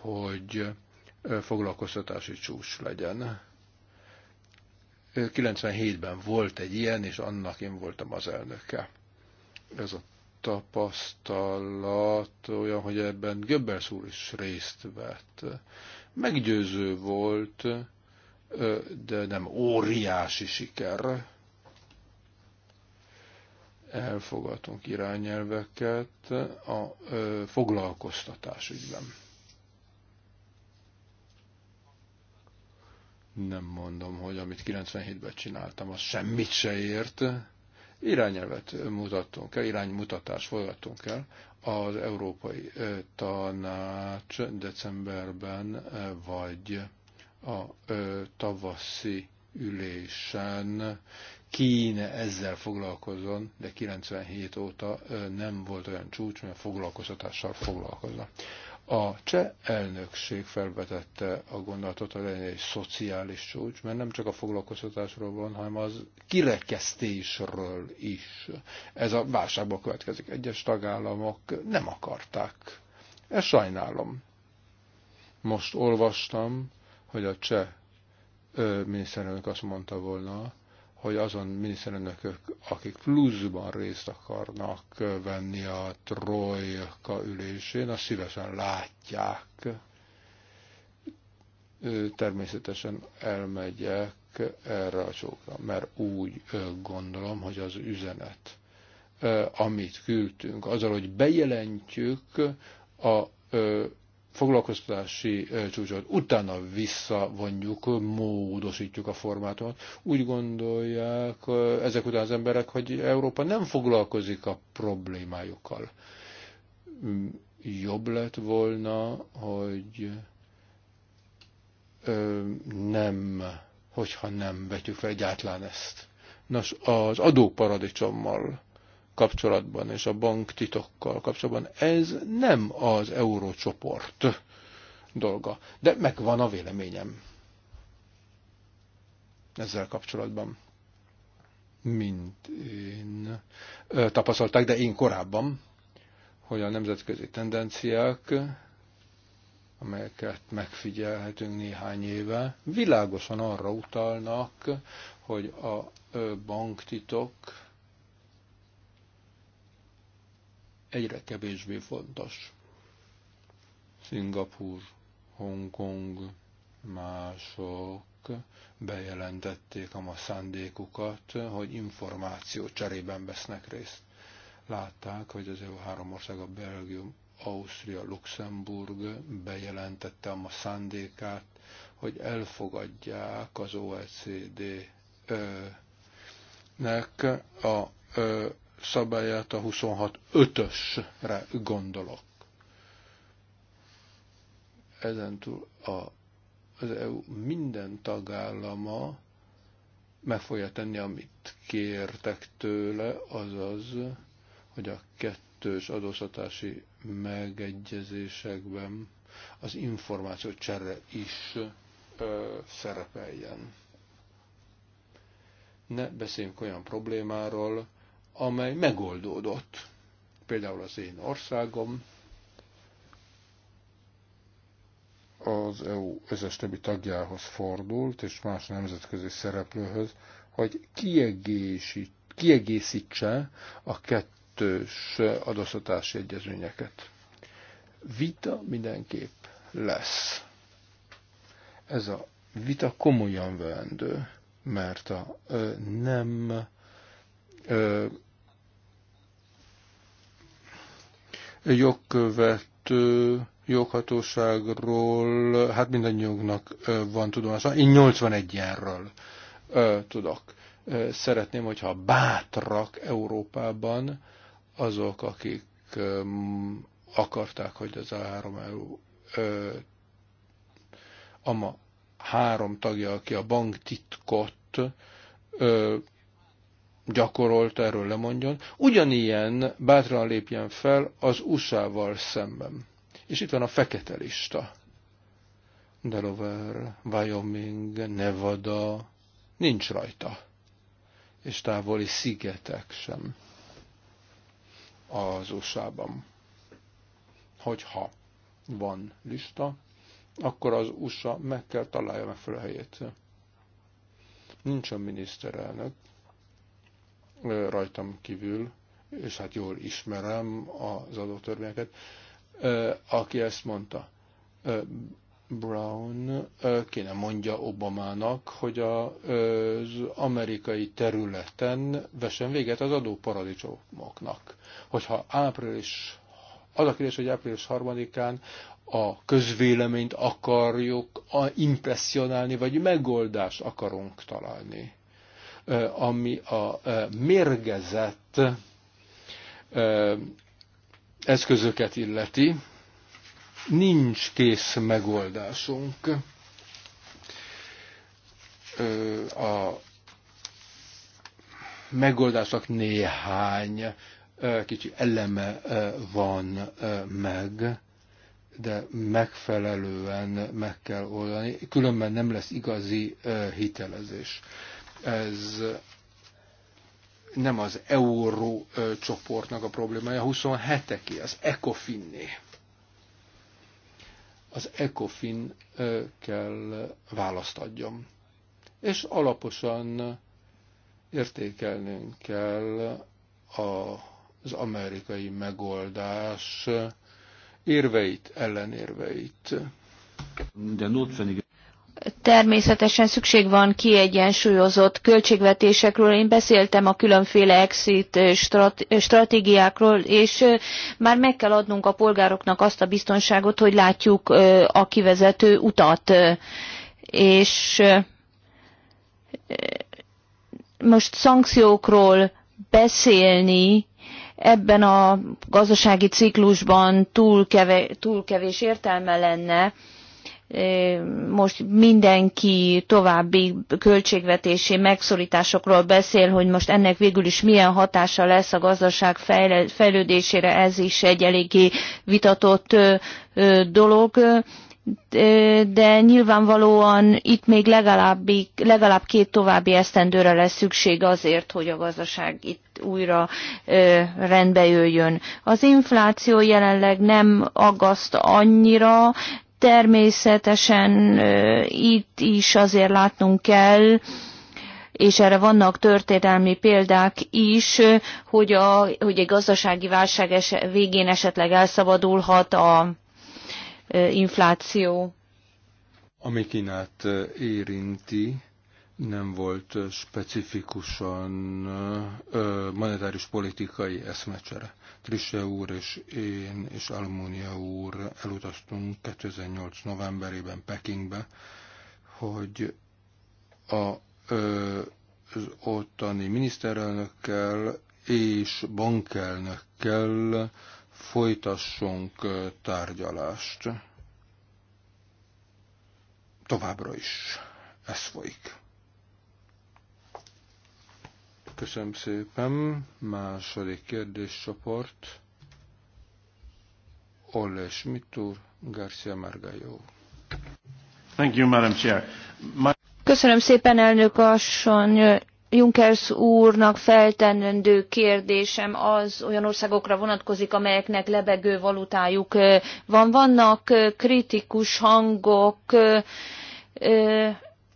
hogy foglalkoztatási csúcs legyen. 97-ben volt egy ilyen, és annak én voltam az elnöke. Ez a tapasztalat olyan, hogy ebben Göbbels úr is részt vett. Meggyőző volt, de nem óriási siker. Elfogadtunk irányelveket a foglalkoztatás ügyben. Nem mondom, hogy amit 97-ben csináltam, az semmit se ért. Irányelvet mutattunk el, iránymutatást fogadtunk el. Az Európai Tanács decemberben vagy a tavaszi ülésen kéne ezzel foglalkozon, de 97 óta nem volt olyan csúcs, mert foglalkoztatással foglalkozna. A cseh elnökség felvetette a gondolatot, hogy legyen egy szociális csúcs, mert nem csak a foglalkoztatásról van, hanem az kirekesztésről is. Ez a válságból következik. Egyes tagállamok nem akarták. Ezt sajnálom. Most olvastam, hogy a cseh ö, miniszterelnök azt mondta volna, hogy azon miniszterelnökök, akik pluszban részt akarnak venni a trojka ülésén, azt szívesen látják. Természetesen elmegyek erre a csókra, mert úgy gondolom, hogy az üzenet, amit küldtünk, azzal, hogy bejelentjük a foglalkoztatási csúcsot, utána visszavonjuk, módosítjuk a formátumot. Úgy gondolják ezek után az emberek, hogy Európa nem foglalkozik a problémájukkal. Mm, jobb lett volna, hogy nem, hogyha nem vetjük fel egyáltalán ezt. Nos, az adóparadicsommal kapcsolatban és a bank titokkal kapcsolatban, ez nem az eurócsoport dolga. De megvan a véleményem ezzel kapcsolatban. Mint én tapasztalták, de én korábban, hogy a nemzetközi tendenciák, amelyeket megfigyelhetünk néhány éve, világosan arra utalnak, hogy a banktitok egyre kevésbé fontos. Szingapur, Hongkong, mások bejelentették a ma szándékukat, hogy információ cserében vesznek részt. Látták, hogy az EU három ország, a Belgium, Ausztria, Luxemburg bejelentette a ma szándékát, hogy elfogadják az OECD-nek a szabályát, a 26.5-ösre gondolok. Ezentúl a, az EU minden tagállama meg fogja tenni, amit kértek tőle, azaz, hogy a kettős adóztatási megegyezésekben az információ csere is ö, szerepeljen. Ne beszéljünk olyan problémáról, amely megoldódott. Például az én országom, az EU összes többi tagjához fordult, és más nemzetközi szereplőhöz, hogy kiegészítse a kettős adóztatási egyezményeket. Vita mindenképp lesz. Ez a vita komolyan vendő, mert a nem Eh, jogkövető eh, joghatóságról, hát minden jognak eh, van tudomása. Én 81 ilyenről tudok. Szeretném, hogyha bátrak Európában azok, akik akarták, hogy az a három EU ama három tagja, aki a banktitkot gyakorolt erről lemondjon, ugyanilyen bátran lépjen fel az USA-val szemben. És itt van a fekete lista. Delaware, Wyoming, Nevada, nincs rajta. És távoli szigetek sem az USA-ban. Hogyha van lista, akkor az USA meg kell találja meg fel a helyét. Nincs a miniszterelnök, rajtam kívül, és hát jól ismerem az adótörvényeket, aki ezt mondta. Brown kéne mondja Obamának, hogy az amerikai területen vessen véget az adóparadicsomoknak. Hogyha április, az a kérdés, hogy április harmadikán a közvéleményt akarjuk impressionálni, vagy megoldást akarunk találni ami a mérgezett eszközöket illeti, nincs kész megoldásunk. A megoldásnak néhány kicsi eleme van meg, de megfelelően meg kell oldani, különben nem lesz igazi hitelezés. Ez nem az euró csoportnak a problémája, 27-eké, az ECOFIN-né. Az ECOFIN kell választ adjam. És alaposan értékelnünk kell az amerikai megoldás érveit, ellenérveit. De Természetesen szükség van kiegyensúlyozott költségvetésekről. Én beszéltem a különféle exit stratégiákról, és már meg kell adnunk a polgároknak azt a biztonságot, hogy látjuk a kivezető utat. És most szankciókról beszélni ebben a gazdasági ciklusban túl, keve, túl kevés értelme lenne, most mindenki további költségvetési megszorításokról beszél, hogy most ennek végül is milyen hatása lesz a gazdaság fejlődésére, ez is egy eléggé vitatott dolog de nyilvánvalóan itt még legalább, legalább két további esztendőre lesz szükség azért, hogy a gazdaság itt újra rendbe jöjjön. Az infláció jelenleg nem aggaszt annyira, Természetesen itt is azért látnunk kell, és erre vannak történelmi példák is, hogy, a, hogy egy gazdasági válság es, végén esetleg elszabadulhat a infláció. Ami Kínát érinti, nem volt specifikusan monetáris politikai eszmecsere. Trisse úr és én és Almónia úr elutaztunk 2008. novemberében Pekingbe, hogy a, az ottani miniszterelnökkel és bankelnökkel folytassunk tárgyalást. Továbbra is ez folyik. Köszönöm szépen. Második kérdéscsoport. Olle Schmidt úr, Garcia Margallo. Thank you, Madam Chair. My... Köszönöm szépen, elnök asszony. Junkers úrnak feltennendő kérdésem az olyan országokra vonatkozik, amelyeknek lebegő valutájuk van. Vannak kritikus hangok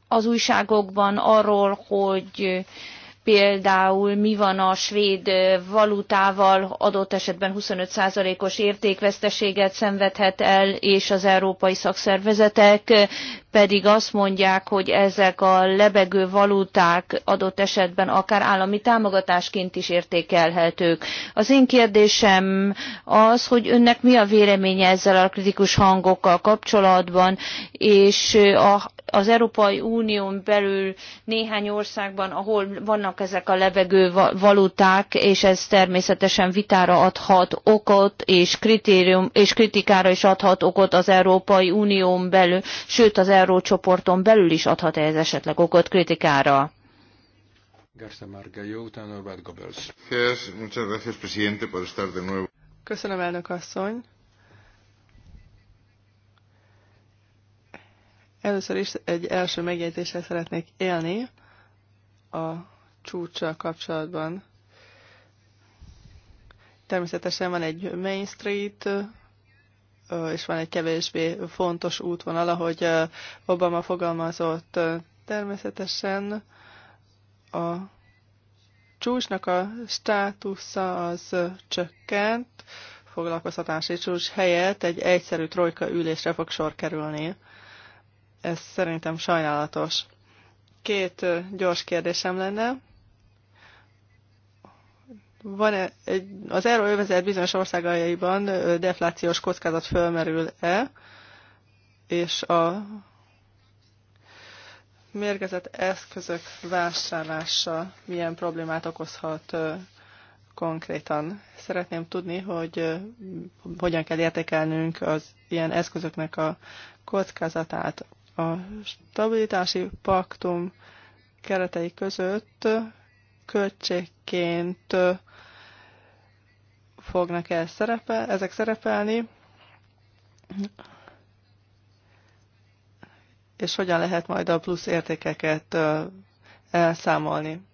az újságokban arról, hogy például mi van a svéd valutával, adott esetben 25%-os értékveszteséget szenvedhet el, és az európai szakszervezetek pedig azt mondják, hogy ezek a lebegő valuták adott esetben akár állami támogatásként is értékelhetők. Az én kérdésem az, hogy önnek mi a véleménye ezzel a kritikus hangokkal kapcsolatban, és a, az Európai Unión belül néhány országban, ahol vannak ezek a lebegő valuták, és ez természetesen vitára adhat okot, és, kritérium, és kritikára is adhat okot az Európai Unión belül, sőt az Európai vásárló csoporton belül is adhat-e ez esetleg okot kritikára? Margallo, utána Norbert Goebbels. Köszönöm, elnök asszony. Először is egy első megjegyzéssel szeretnék élni a csúcsa kapcsolatban. Természetesen van egy Main Street és van egy kevésbé fontos útvonal, ahogy Obama fogalmazott. Természetesen a csúcsnak a státusza az csökkent, foglalkoztatási csúcs helyett egy egyszerű trojka ülésre fog sor kerülni. Ez szerintem sajnálatos. Két gyors kérdésem lenne van-e egy, az euróövezet bizonyos országaiban deflációs kockázat fölmerül-e, és a mérgezett eszközök vásárlása milyen problémát okozhat konkrétan. Szeretném tudni, hogy hogyan kell értékelnünk az ilyen eszközöknek a kockázatát. A stabilitási paktum keretei között költségként fognak el szerepel, ezek szerepelni, és hogyan lehet majd a plusz értékeket elszámolni.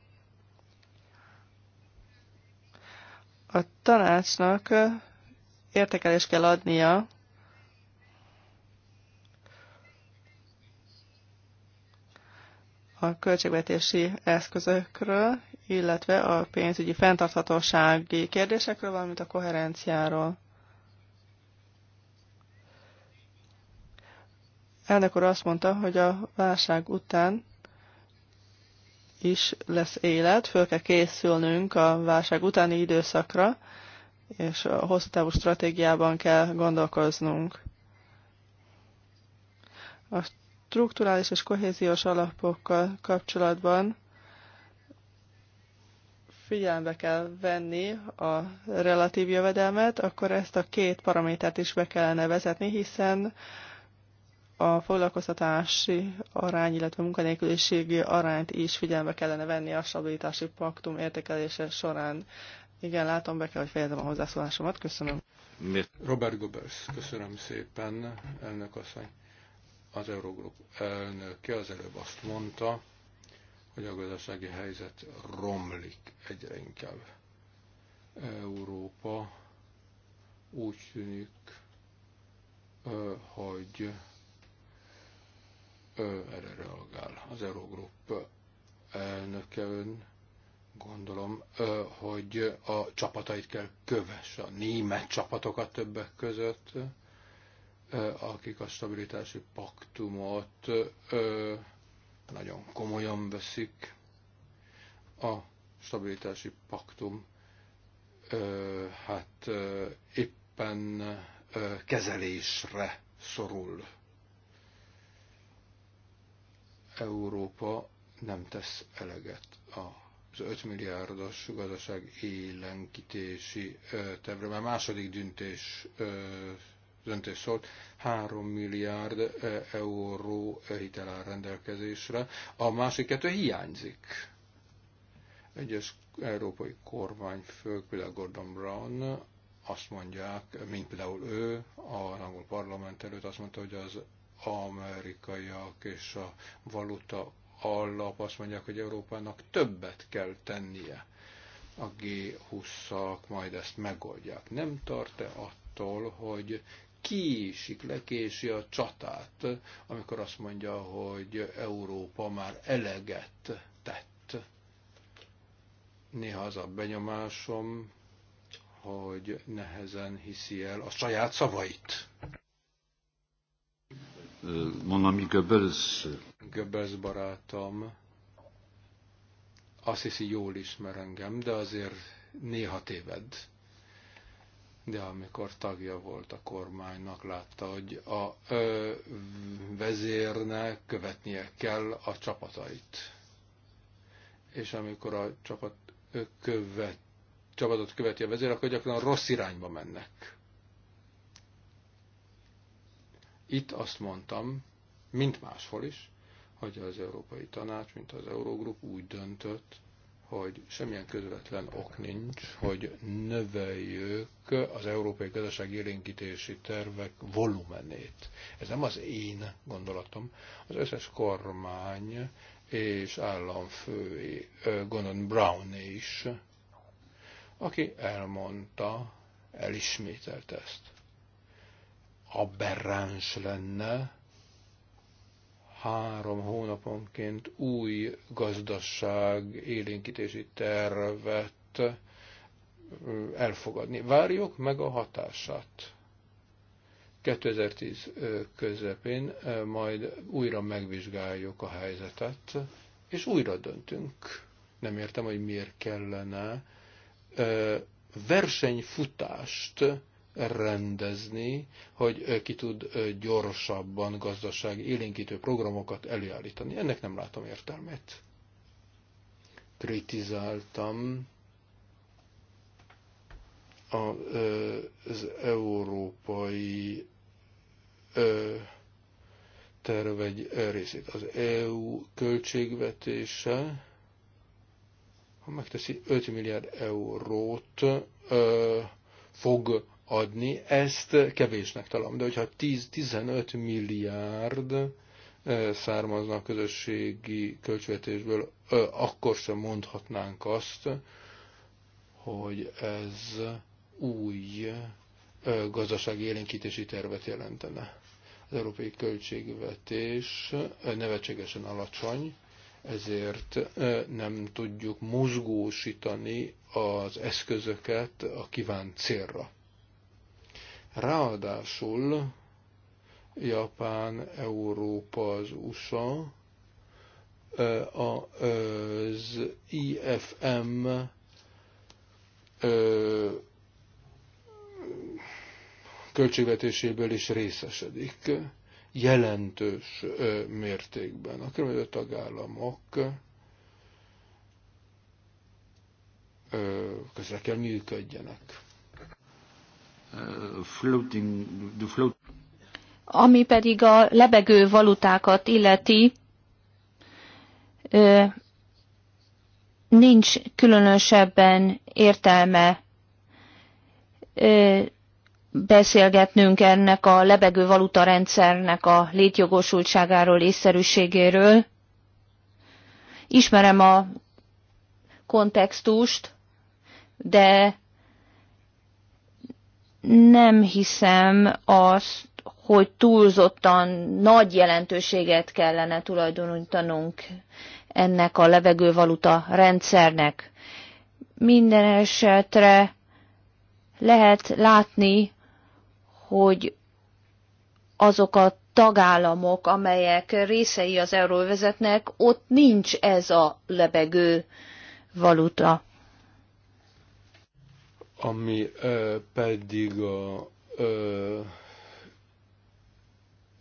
A tanácsnak értékelést kell adnia a költségvetési eszközökről, illetve a pénzügyi fenntarthatósági kérdésekről, valamint a koherenciáról. Elnök úr azt mondta, hogy a válság után is lesz élet, föl kell készülnünk a válság utáni időszakra, és a hosszú távú stratégiában kell gondolkoznunk. A strukturális és kohéziós alapokkal kapcsolatban figyelembe kell venni a relatív jövedelmet, akkor ezt a két paramétert is be kellene vezetni, hiszen a foglalkoztatási arány, illetve munkanélküliségi arányt is figyelembe kellene venni a stabilitási paktum értékelése során. Igen, látom, be kell, hogy fejezem a hozzászólásomat. Köszönöm. Robert Goebbels, köszönöm szépen, elnök asszony. Az Eurogroup elnöke az előbb azt mondta, hogy a gazdasági helyzet romlik egyre inkább. Európa úgy tűnik, hogy erre reagál. Az Eurogroup elnöke ön gondolom, hogy a csapatait kell kövesse, a német csapatokat többek között, akik a stabilitási paktumot nagyon komolyan veszik a stabilitási paktum, hát éppen kezelésre szorul. Európa nem tesz eleget az 5 milliárdos gazdaság élenkítési tervre, mert második döntés döntés szólt, 3 milliárd eh, euró eh, hitel áll rendelkezésre, a másik kettő hiányzik. Egyes európai kormányfők, például Gordon Brown, azt mondják, mint például ő, a angol parlament előtt azt mondta, hogy az amerikaiak és a valuta alap azt mondják, hogy Európának többet kell tennie. A G20-ak majd ezt megoldják. Nem tart-e attól, hogy kisikle, lekési a csatát, amikor azt mondja, hogy Európa már eleget tett. Néha az a benyomásom, hogy nehezen hiszi el a saját szavait. Euh, Monami ami Goebbels. Euh, Goebbels barátom. Azt hiszi, jól ismer engem, de azért néha téved de amikor tagja volt a kormánynak, látta, hogy a ö, vezérnek követnie kell a csapatait. És amikor a csapat ö, követ, csapatot követi a vezér, akkor gyakran rossz irányba mennek. Itt azt mondtam, mint máshol is, hogy az Európai Tanács, mint az Eurogrup úgy döntött, hogy semmilyen közvetlen ok nincs, hogy növeljük az európai gazdaság élénkítési tervek volumenét. Ez nem az én gondolatom, az összes kormány és államfői, Gordon Brown is, aki elmondta, elismételt ezt. Aberráns lenne, három hónaponként új gazdaság élénkítési tervet elfogadni. Várjuk meg a hatását. 2010 közepén majd újra megvizsgáljuk a helyzetet, és újra döntünk. Nem értem, hogy miért kellene versenyfutást rendezni, hogy ki tud gyorsabban gazdaság élénkítő programokat előállítani. Ennek nem látom értelmet. Kritizáltam az európai terv egy részét. Az EU költségvetése, ha megteszi 5 milliárd eurót, fog adni, ezt kevésnek találom. De hogyha 10-15 milliárd eh, származna a közösségi költségvetésből, akkor sem mondhatnánk azt, hogy ez új gazdasági élénkítési tervet jelentene. Az európai költségvetés nevetségesen alacsony, ezért nem tudjuk mozgósítani az eszközöket a kívánt célra. Ráadásul Japán, Európa, az USA, az IFM költségvetéséből is részesedik jelentős mértékben. A különböző tagállamok közre kell működjenek. Ami pedig a lebegő valutákat illeti, nincs különösebben értelme beszélgetnünk ennek a lebegő valuta rendszernek a létjogosultságáról, észszerűségéről. Ismerem a kontextust, de nem hiszem azt, hogy túlzottan nagy jelentőséget kellene tulajdonítanunk ennek a levegővaluta rendszernek. Minden esetre lehet látni, hogy azok a tagállamok, amelyek részei az euróvezetnek, ott nincs ez a lebegő valuta ami ö, pedig a, ö,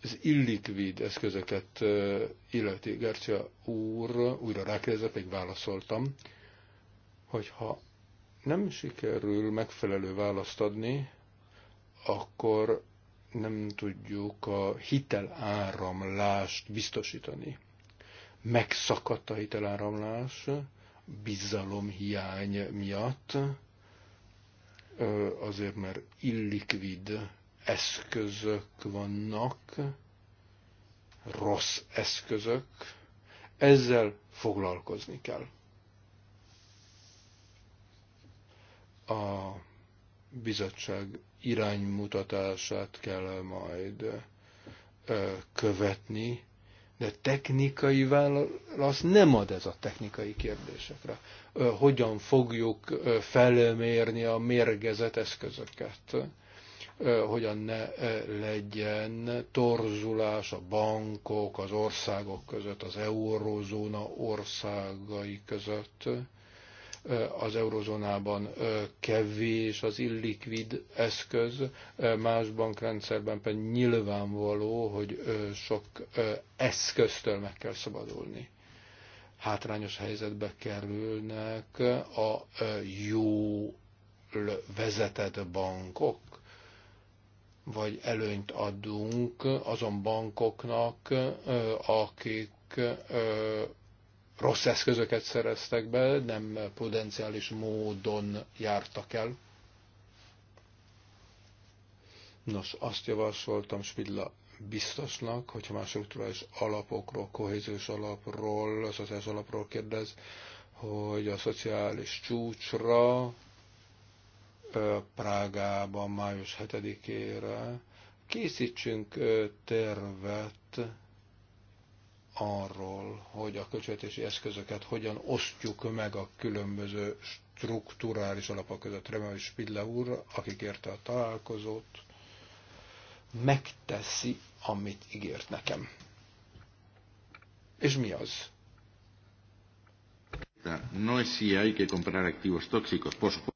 az illikvid eszközöket ö, illeti Gercia úr, újra rákérdezett, még válaszoltam, hogyha nem sikerül megfelelő választ adni, akkor nem tudjuk a hiteláramlást biztosítani. Megszakadt a hiteláramlás bizalomhiány miatt, azért, mert illikvid eszközök vannak, rossz eszközök, ezzel foglalkozni kell. A bizottság iránymutatását kell majd követni De technikai válasz nem ad ez a technikai kérdésekre. Hogyan fogjuk felmérni a mérgezett eszközöket? Hogyan ne legyen torzulás a bankok, az országok között, az eurozóna országai között? Eh, az eurozónában eh, kevés az illikvid eszköz, eh, más bankrendszerben pedig nyilvánvaló, hogy sok eszköztől meg kell szabadulni. Hátrányos helyzetbe kerülnek a jó vezetett bankok, vagy előnyt adunk azon bankoknak, akik rossz eszközöket szereztek be, nem prudenciális módon jártak el. Nos, azt javasoltam Spidla biztosnak, hogyha már struktúrális alapokról, kohéziós alapról, a szociális alapról kérdez, hogy a szociális csúcsra Prágában május 7-ére készítsünk tervet arról, hogy a költségvetési eszközöket hogyan osztjuk meg a különböző strukturális alapok között. Remélem, hogy Spidle úr, aki kérte a találkozót, megteszi, amit ígért nekem. És mi az? No es si hay que comprar activos tóxicos, por supuesto.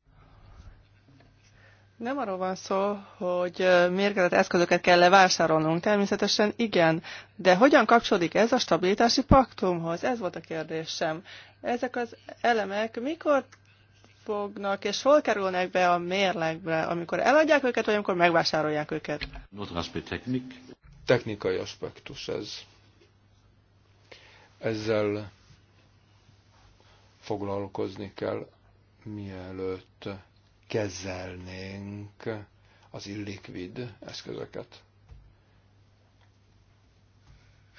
Nem arról van szó, hogy mérgezett eszközöket kell levásárolnunk, természetesen igen, de hogyan kapcsolódik ez a stabilitási paktumhoz? Ez volt a kérdésem. Ezek az elemek mikor fognak, és hol kerülnek be a mérlegbe, amikor eladják őket, vagy amikor megvásárolják őket? Technikai aspektus ez. Ezzel foglalkozni kell, mielőtt kezelnénk az illikvid eszközöket.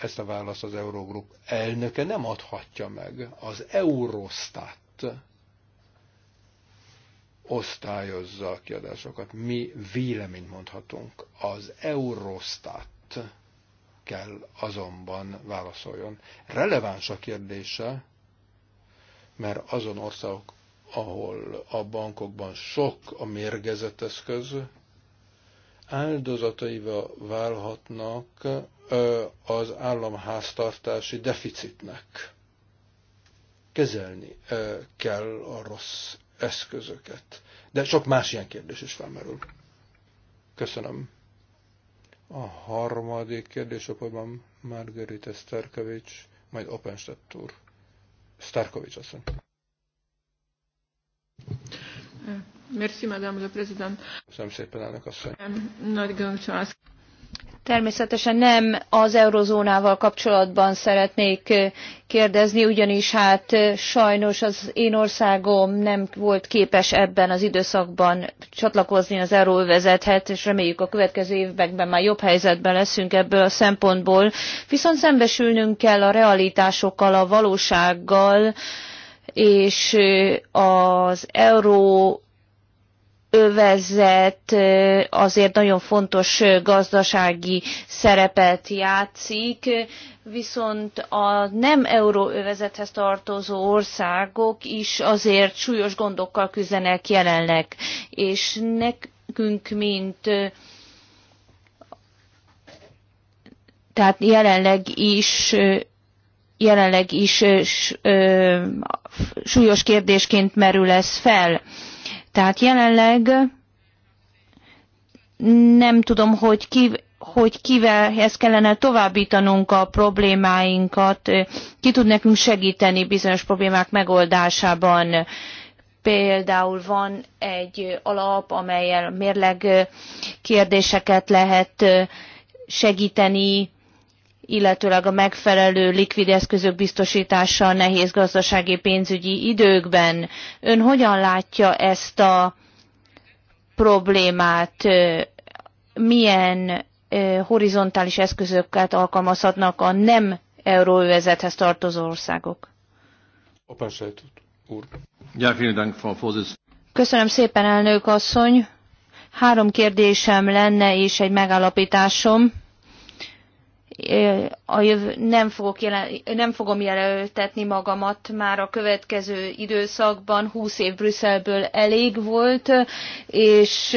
Ezt a választ az Eurogrup elnöke nem adhatja meg. Az Eurostat osztályozza a kiadásokat. Mi véleményt mondhatunk. Az Eurostat kell azonban válaszoljon. Releváns a kérdése, mert azon országok ahol a bankokban sok a mérgezett eszköz, áldozataiva válhatnak az államháztartási deficitnek. Kezelni kell a rossz eszközöket. De sok más ilyen kérdés is felmerül. Köszönöm. A harmadik kérdés, kérdéscsoportban Margarita Starkovics, majd Openstedt úr. Starkovics asszony. Eh, merci, Madame la President. Köszönöm szépen, elnök asszony. Eh, Not Természetesen nem az eurozónával kapcsolatban szeretnék eh, kérdezni, ugyanis hát sajnos az én országom nem volt képes ebben az időszakban csatlakozni az euróövezethez, és reméljük a következő években már jobb helyzetben leszünk ebből a szempontból. Viszont szembesülnünk kell a realitásokkal, a valósággal, és az euró övezet azért nagyon fontos gazdasági szerepet játszik, viszont a nem euróövezethez tartozó országok is azért súlyos gondokkal küzdenek jelenleg, és nekünk, mint tehát jelenleg is jelenleg is súlyos kérdésként merül ez fel. Tehát jelenleg nem tudom, hogy ki, hogy kivel ezt kellene továbbítanunk a problémáinkat, ki tud nekünk segíteni bizonyos problémák megoldásában. Például van egy alap, amelyel mérleg kérdéseket lehet segíteni illetőleg a megfelelő likvid eszközök biztostása a nehéz gazdasági pénzügyi időkben. Ön hogyan látja ezt a problémát? Milyen horizontális eszközöket alkalmazhatnak a nem euróövezethez tartozó országok? Köszönöm szépen, elnök asszony. Három kérdésem lenne és egy megállapításom a jövő, nem, fogok jelen, nem fogom jelöltetni magamat már a következő időszakban. 20 év Brüsszelből elég volt, és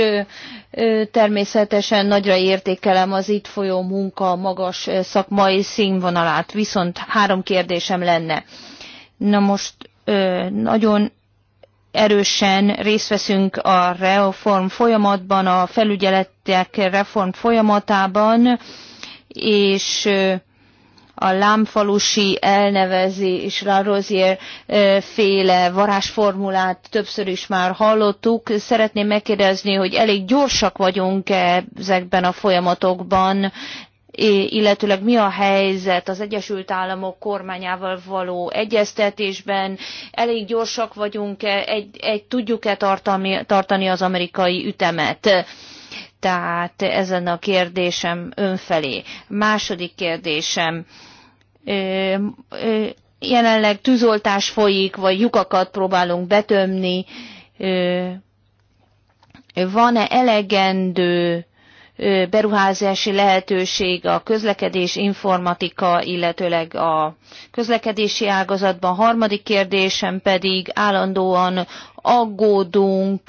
természetesen nagyra értékelem az itt folyó munka magas szakmai színvonalát. Viszont három kérdésem lenne. Na most nagyon erősen részt veszünk a reform folyamatban, a felügyeletek reform folyamatában és a lámfalusi elnevezés, La Rozier féle varázsformulát többször is már hallottuk. Szeretném megkérdezni, hogy elég gyorsak vagyunk-e ezekben a folyamatokban, illetőleg mi a helyzet az Egyesült Államok kormányával való egyeztetésben, elég gyorsak vagyunk, -e, egy, egy tudjuk-e tartani, tartani az amerikai ütemet tehát ezen a kérdésem önfelé. Második kérdésem, jelenleg tűzoltás folyik, vagy lyukakat próbálunk betömni. Van-e elegendő beruházási lehetőség a közlekedés informatika, illetőleg a közlekedési ágazatban. Harmadik kérdésem pedig állandóan aggódunk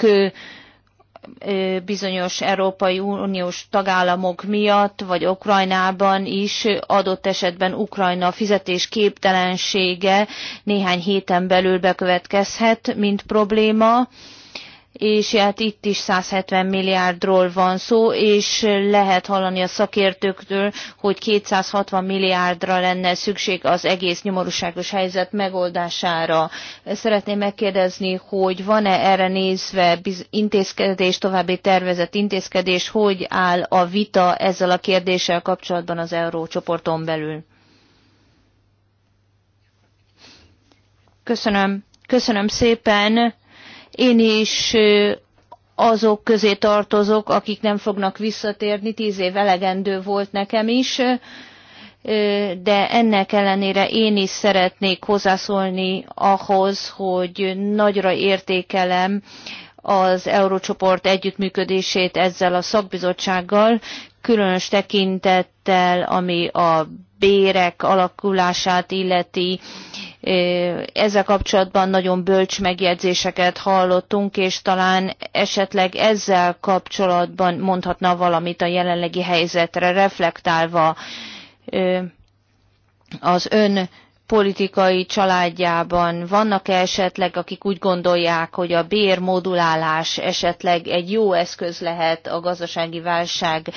bizonyos Európai Uniós tagállamok miatt, vagy Ukrajnában is adott esetben Ukrajna képtelensége néhány héten belül bekövetkezhet, mint probléma és hát itt is 170 milliárdról van szó, és lehet hallani a szakértőktől, hogy 260 milliárdra lenne szükség az egész nyomorúságos helyzet megoldására. Szeretném megkérdezni, hogy van-e erre nézve intézkedés, további tervezett intézkedés, hogy áll a vita ezzel a kérdéssel kapcsolatban az eurócsoporton belül? Köszönöm. Köszönöm szépen Én is azok közé tartozok, akik nem fognak visszatérni, tíz év elegendő volt nekem is, de ennek ellenére én is szeretnék hozzászólni ahhoz, hogy nagyra értékelem az Eurócsoport együttműködését ezzel a szakbizottsággal, különös tekintettel, ami a bérek alakulását illeti, Ezzel kapcsolatban nagyon bölcs megjegyzéseket hallottunk, és talán esetleg ezzel kapcsolatban mondhatna valamit a jelenlegi helyzetre reflektálva az ön politikai családjában vannak-e esetleg, akik úgy gondolják, hogy a bérmodulálás esetleg egy jó eszköz lehet a gazdasági válság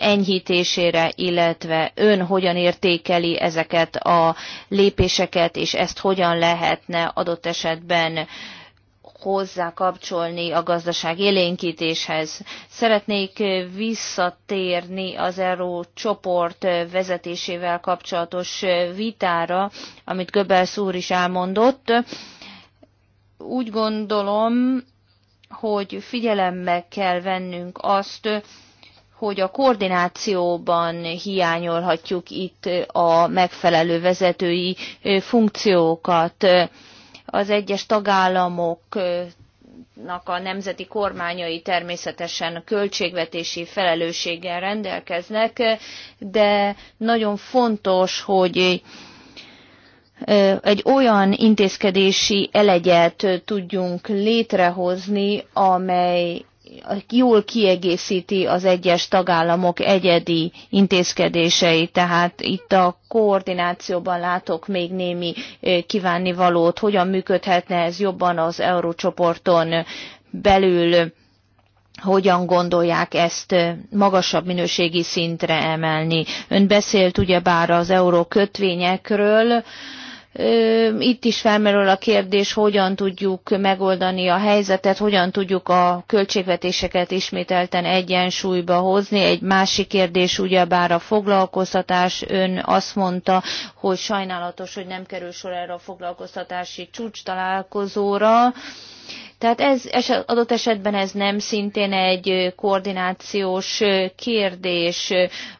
enyhítésére, illetve ön hogyan értékeli ezeket a lépéseket, és ezt hogyan lehetne adott esetben hozzá kapcsolni a gazdaság élénkítéshez. Szeretnék visszatérni az Euró csoport vezetésével kapcsolatos vitára, amit Göbbels úr is elmondott. Úgy gondolom, hogy figyelembe kell vennünk azt, hogy a koordinációban hiányolhatjuk itt a megfelelő vezetői funkciókat az egyes tagállamoknak a nemzeti kormányai természetesen költségvetési felelősséggel rendelkeznek, de nagyon fontos, hogy egy olyan intézkedési elegyet tudjunk létrehozni, amely jól kiegészíti az egyes tagállamok egyedi intézkedéseit, tehát itt a koordinációban látok még némi kívánnivalót, hogyan működhetne ez jobban az eurócsoporton belül, hogyan gondolják ezt magasabb minőségi szintre emelni. Ön beszélt ugyebár az euró kötvényekről, Itt is felmerül a kérdés, hogyan tudjuk megoldani a helyzetet, hogyan tudjuk a költségvetéseket ismételten egyensúlyba hozni. Egy másik kérdés ugyebár a foglalkoztatás. Ön azt mondta, hogy sajnálatos, hogy nem kerül sor erre a foglalkoztatási csúcstalálkozóra. Tehát ez adott esetben ez nem szintén egy koordinációs kérdés,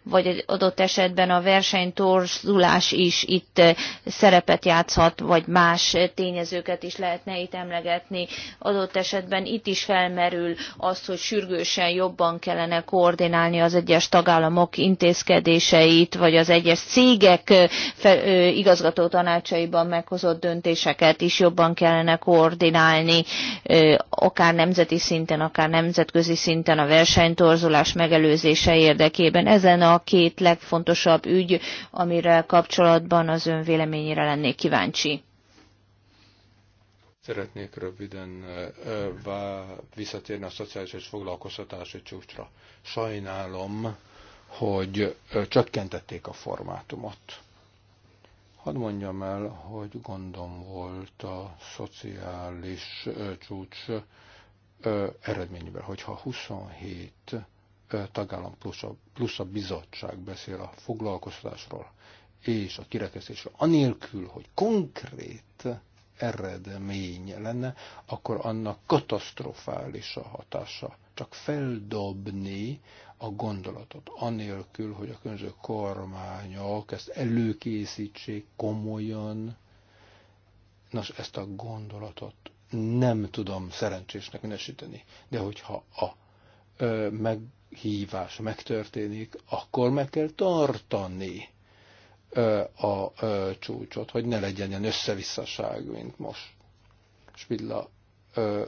vagy adott esetben a versenytorzulás is itt szerepet játszhat, vagy más tényezőket is lehetne itt emlegetni. Adott esetben itt is felmerül az, hogy sürgősen jobban kellene koordinálni az egyes tagállamok intézkedéseit, vagy az egyes cégek igazgató tanácsaiban meghozott döntéseket is jobban kellene koordinálni akár nemzeti szinten, akár nemzetközi szinten a versenytorzulás megelőzése érdekében. Ezen a két legfontosabb ügy, amire kapcsolatban az ön véleményére lennék kíváncsi. Szeretnék röviden visszatérni a szociális és foglalkoztatási csúcsra. Sajnálom, hogy csökkentették a formátumot Hadd mondjam el, hogy gondom volt a szociális ö, csúcs ö, eredményben, hogyha 27 ö, tagállam plusz a, plusz a bizottság beszél a foglalkoztatásról és a kirekesztésről, anélkül, hogy konkrét eredmény lenne, akkor annak katasztrofális a hatása. Csak feldobni a gondolatot, anélkül, hogy a különböző kormányok ezt előkészítsék komolyan. Nos, ezt a gondolatot nem tudom szerencsésnek minősíteni, de hogyha a ö, meghívás megtörténik, akkor meg kell tartani ö, a ö, csúcsot, hogy ne legyen ilyen összevisszaság, mint most. Spilla ö,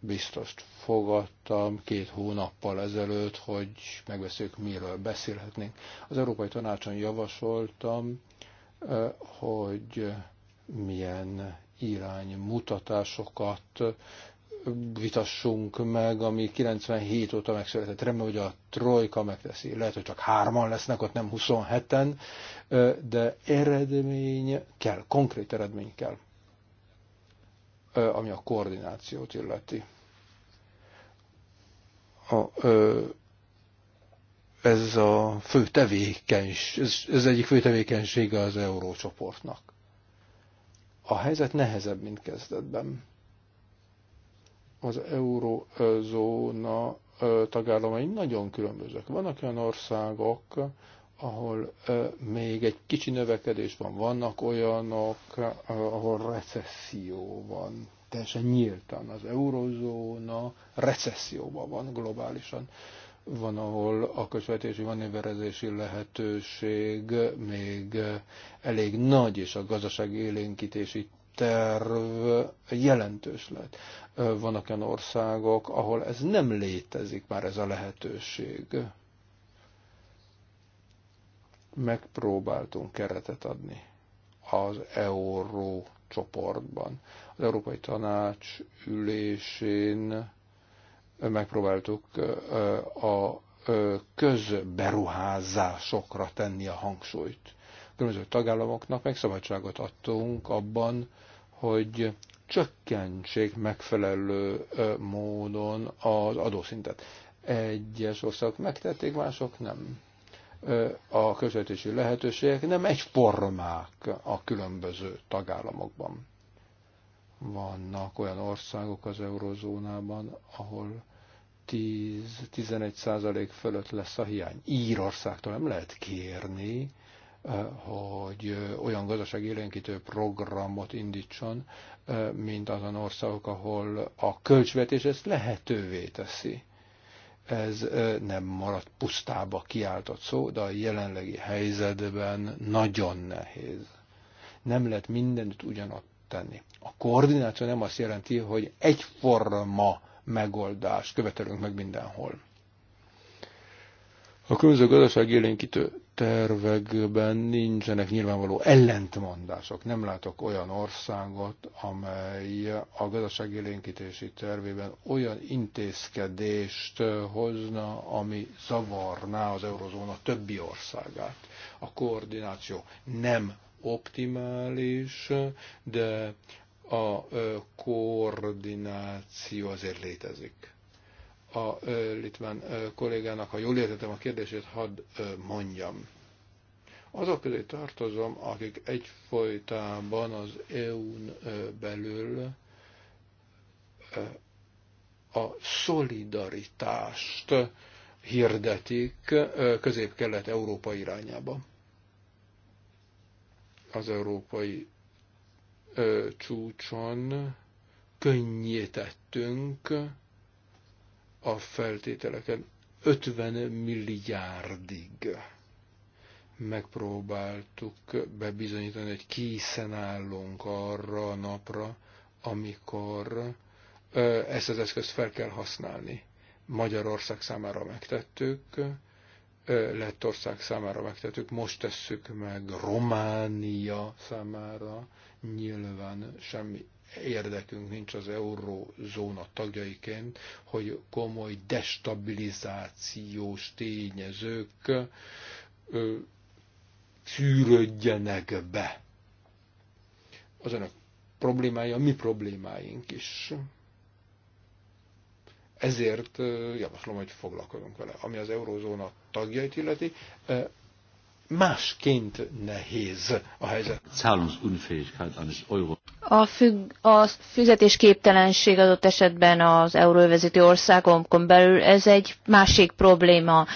biztos elfogadtam két hónappal ezelőtt, hogy megbeszéljük, miről beszélhetnénk. Az Európai Tanácson javasoltam, hogy milyen iránymutatásokat vitassunk meg, ami 97 óta megszületett. Remélem, hogy a trojka megteszi. Lehet, hogy csak hárman lesznek, ott nem 27-en, de eredmény kell, konkrét eredmény kell, ami a koordinációt illeti a e, ez a fő tevékenység, ez, ez egyik fő tevékenysége az eurócsoportnak. A helyzet nehezebb, mint kezdetben. Az eurózóna e, tagállamai nagyon különbözők. Vannak olyan országok, ahol e, még egy kicsi növekedés van, vannak olyanok, ahol recesszió van teljesen nyíltan. Az eurozóna recesszióban van globálisan. Van, ahol a közvetési manőverezési lehetőség még elég nagy, és a gazdaság élénkítési terv jelentős lett. Vannak olyan országok, ahol ez nem létezik már ez a lehetőség. Megpróbáltunk keretet adni az euró csoportban. Az Európai Tanács ülésén megpróbáltuk a közberuházásokra tenni a hangsúlyt. A különböző tagállamoknak meg szabadságot adtunk abban, hogy csökkentsék megfelelő módon az adószintet. Egyes országok megtették, mások nem a közvetési lehetőségek nem egyformák a különböző tagállamokban. Vannak olyan országok az eurozónában, ahol 10-11 százalék fölött lesz a hiány. Írországtól nem lehet kérni, hogy olyan élénkítő programot indítson, mint azon országok, ahol a költségvetés ezt lehetővé teszi ez nem maradt pusztába kiáltott szó, de a jelenlegi helyzetben nagyon nehéz. Nem lehet mindent ugyanott tenni. A koordináció nem azt jelenti, hogy egyforma megoldást követelünk meg mindenhol. A különböző gazdaság élénkítő tervekben nincsenek nyilvánvaló ellentmondások. Nem látok olyan országot, amely a gazdaságélénkítési tervében olyan intézkedést hozna, ami zavarná az eurozóna többi országát. A koordináció nem optimális, de a koordináció azért létezik a litván kollégának, ha jól értettem a kérdését, hadd mondjam. Azok közé tartozom, akik egyfolytában az EU-n belül a szolidaritást hirdetik közép-kelet-európa irányába. Az európai csúcson könnyítettünk a feltételeken 50 milliárdig megpróbáltuk bebizonyítani, hogy készen állunk arra a napra, amikor ezt az eszközt fel kell használni. Magyarország számára megtettük, Lettország számára megtettük, most tesszük meg Románia számára, nyilván semmi érdekünk nincs az eurózóna tagjaiként, hogy komoly destabilizációs tényezők ö, szűrődjenek be. Az önök problémája a mi problémáink is. Ezért javaslom, hogy foglalkozunk vele. Ami az eurózóna tagjait illeti, másként nehéz a helyzet. Zahlungsunfähigkeit eines Euro a, függ, a fizetésképtelenség adott esetben az euróvezető országokon belül, ez egy másik probléma.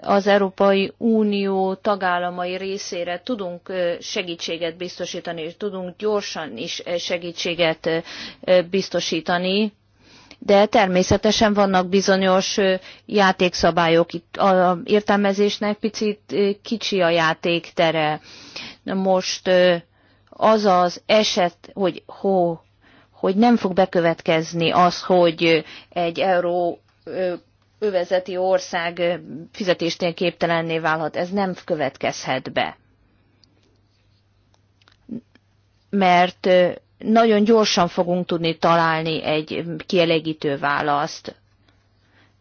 Az Európai Unió tagállamai részére tudunk segítséget biztosítani, és tudunk gyorsan is segítséget biztosítani, de természetesen vannak bizonyos játékszabályok. Itt a értelmezésnek picit kicsi a játéktere. Most az az eset, hogy, hó, hogy nem fog bekövetkezni az, hogy egy euró övezeti ország fizetésnél képtelenné válhat, ez nem következhet be. Mert nagyon gyorsan fogunk tudni találni egy kielégítő választ.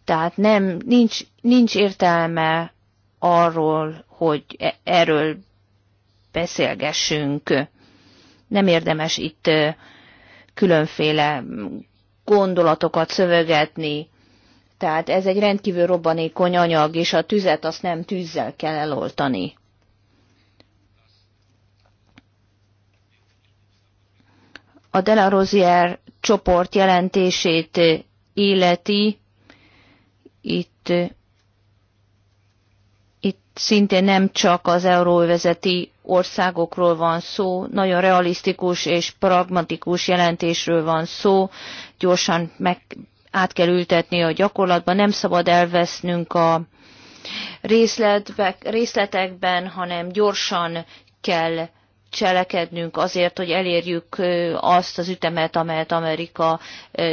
Tehát nem, nincs, nincs értelme arról, hogy e- erről beszélgessünk. Nem érdemes itt különféle gondolatokat szövegetni. Tehát ez egy rendkívül robbanékony anyag, és a tüzet azt nem tűzzel kell eloltani. A Delarozier csoport jelentését illeti, itt, itt szintén nem csak az euróvezeti országokról van szó, nagyon realisztikus és pragmatikus jelentésről van szó, gyorsan meg át kell ültetni a gyakorlatban, nem szabad elvesznünk a részletekben, hanem gyorsan kell cselekednünk azért, hogy elérjük azt az ütemet, amelyet Amerika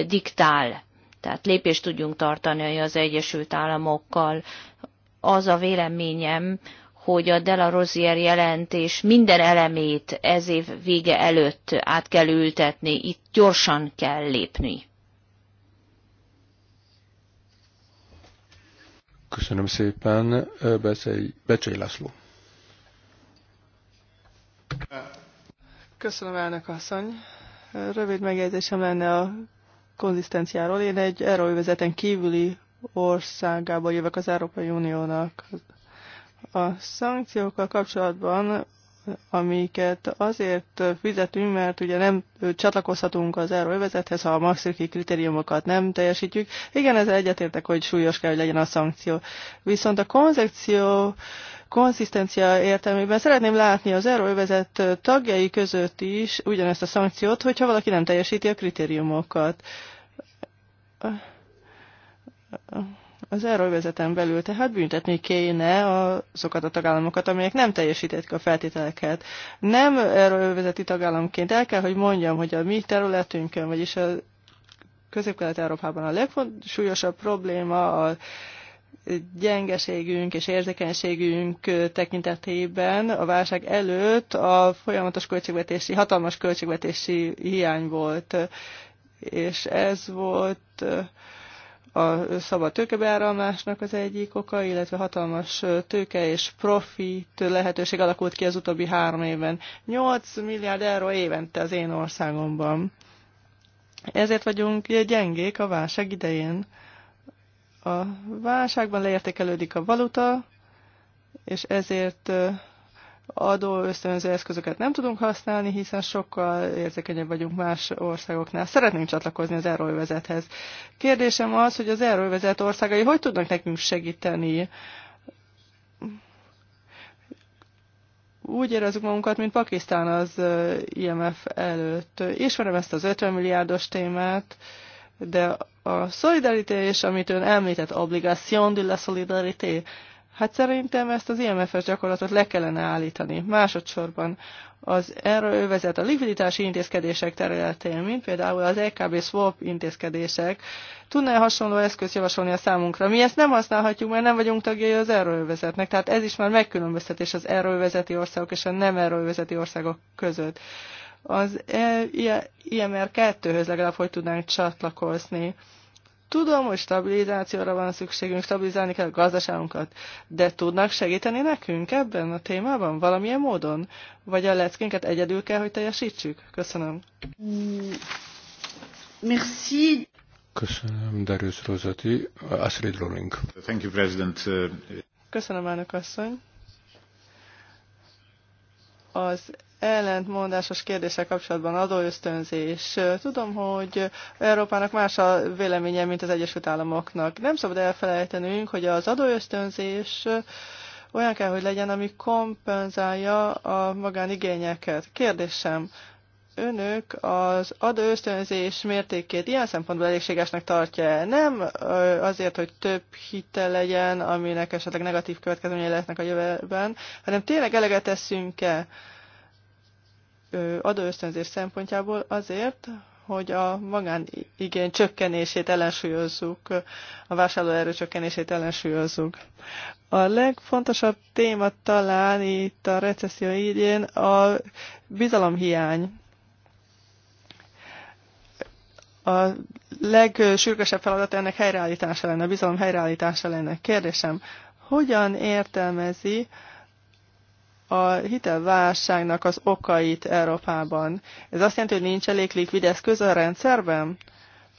diktál. Tehát lépést tudjunk tartani az Egyesült Államokkal. Az a véleményem, hogy a Dela Rozier jelentés minden elemét ez év vége előtt át kell ültetni, itt gyorsan kell lépni. Köszönöm szépen, Becsei László. Köszönöm, elnök asszony. Rövid megjegyzésem lenne a konzisztenciáról. Én egy euróvezeten kívüli országába jövök az Európai Uniónak, a szankciókkal kapcsolatban, amiket azért fizetünk, mert ugye nem csatlakozhatunk az euróvezethez, ha a maximális kritériumokat nem teljesítjük. Igen, ezzel egyetértek, hogy súlyos kell, hogy legyen a szankció. Viszont a konzekció konszisztencia értelmében szeretném látni az euróvezet tagjai között is ugyanezt a szankciót, hogyha valaki nem teljesíti a kritériumokat az euróvezeten belül, tehát büntetni kéne azokat a tagállamokat, amelyek nem teljesítették a feltételeket. Nem euróvezeti tagállamként el kell, hogy mondjam, hogy a mi területünkön, vagyis a Közép-Kelet-Európában a legfontosabb probléma a gyengeségünk és érzékenységünk tekintetében a válság előtt a folyamatos költségvetési, hatalmas költségvetési hiány volt, és ez volt a szabad tőkebeáramlásnak az egyik oka, illetve hatalmas tőke és profit lehetőség alakult ki az utóbbi három évben. 8 milliárd euró évente az én országomban. Ezért vagyunk gyengék a válság idején. A válságban leértékelődik a valuta, és ezért adó ösztönző eszközöket nem tudunk használni, hiszen sokkal érzékenyebb vagyunk más országoknál. Szeretnénk csatlakozni az euróövezethez. Kérdésem az, hogy az euróövezet országai hogy tudnak nekünk segíteni? Úgy érezzük magunkat, mint Pakisztán az IMF előtt. Ismerem ezt az 50 milliárdos témát, de a szolidaritás, amit ön említett, obligation de la solidarité, Hát szerintem ezt az IMF-es gyakorlatot le kellene állítani. Másodszorban az erővezet a likviditási intézkedések területén, mint például az EKB swap intézkedések, tudná -e hasonló eszközt javasolni a számunkra. Mi ezt nem használhatjuk, mert nem vagyunk tagjai az erővezetnek, tehát ez is már megkülönböztetés az erővezeti országok és a nem erővezeti országok között. Az e IMR e 2-höz legalább hogy tudnánk csatlakozni Tudom, hogy stabilizációra van szükségünk, stabilizálni kell a gazdaságunkat, de tudnak segíteni nekünk ebben a témában valamilyen módon? Vagy a leckénket egyedül kell, hogy teljesítsük? Köszönöm. Mm, merci. Köszönöm, Darius Rozati, Astrid Rolling. Thank you, President. Köszönöm, elnök asszony. Az ellentmondásos kérdéssel kapcsolatban adóösztönzés. Tudom, hogy Európának más a véleménye, mint az Egyesült Államoknak. Nem szabad elfelejtenünk, hogy az adóösztönzés olyan kell, hogy legyen, ami kompenzálja a magánigényeket. Kérdésem, önök az adóösztönzés mértékét ilyen szempontból elégségesnek tartja -e? Nem azért, hogy több hitel legyen, aminek esetleg negatív következményei lehetnek a jövőben, hanem tényleg eleget teszünk-e adóösztönzés szempontjából azért, hogy a magánigény csökkenését ellensúlyozzuk, a vásárlóerő csökkenését ellensúlyozzuk. A legfontosabb téma talán itt a recesszió idén a bizalomhiány. A legsürgesebb feladat ennek helyreállítása lenne, a bizalom helyreállítása lenne. Kérdésem, hogyan értelmezi a hitelválságnak az okait Európában. Ez azt jelenti, hogy nincs elég likvid eszköz a rendszerben?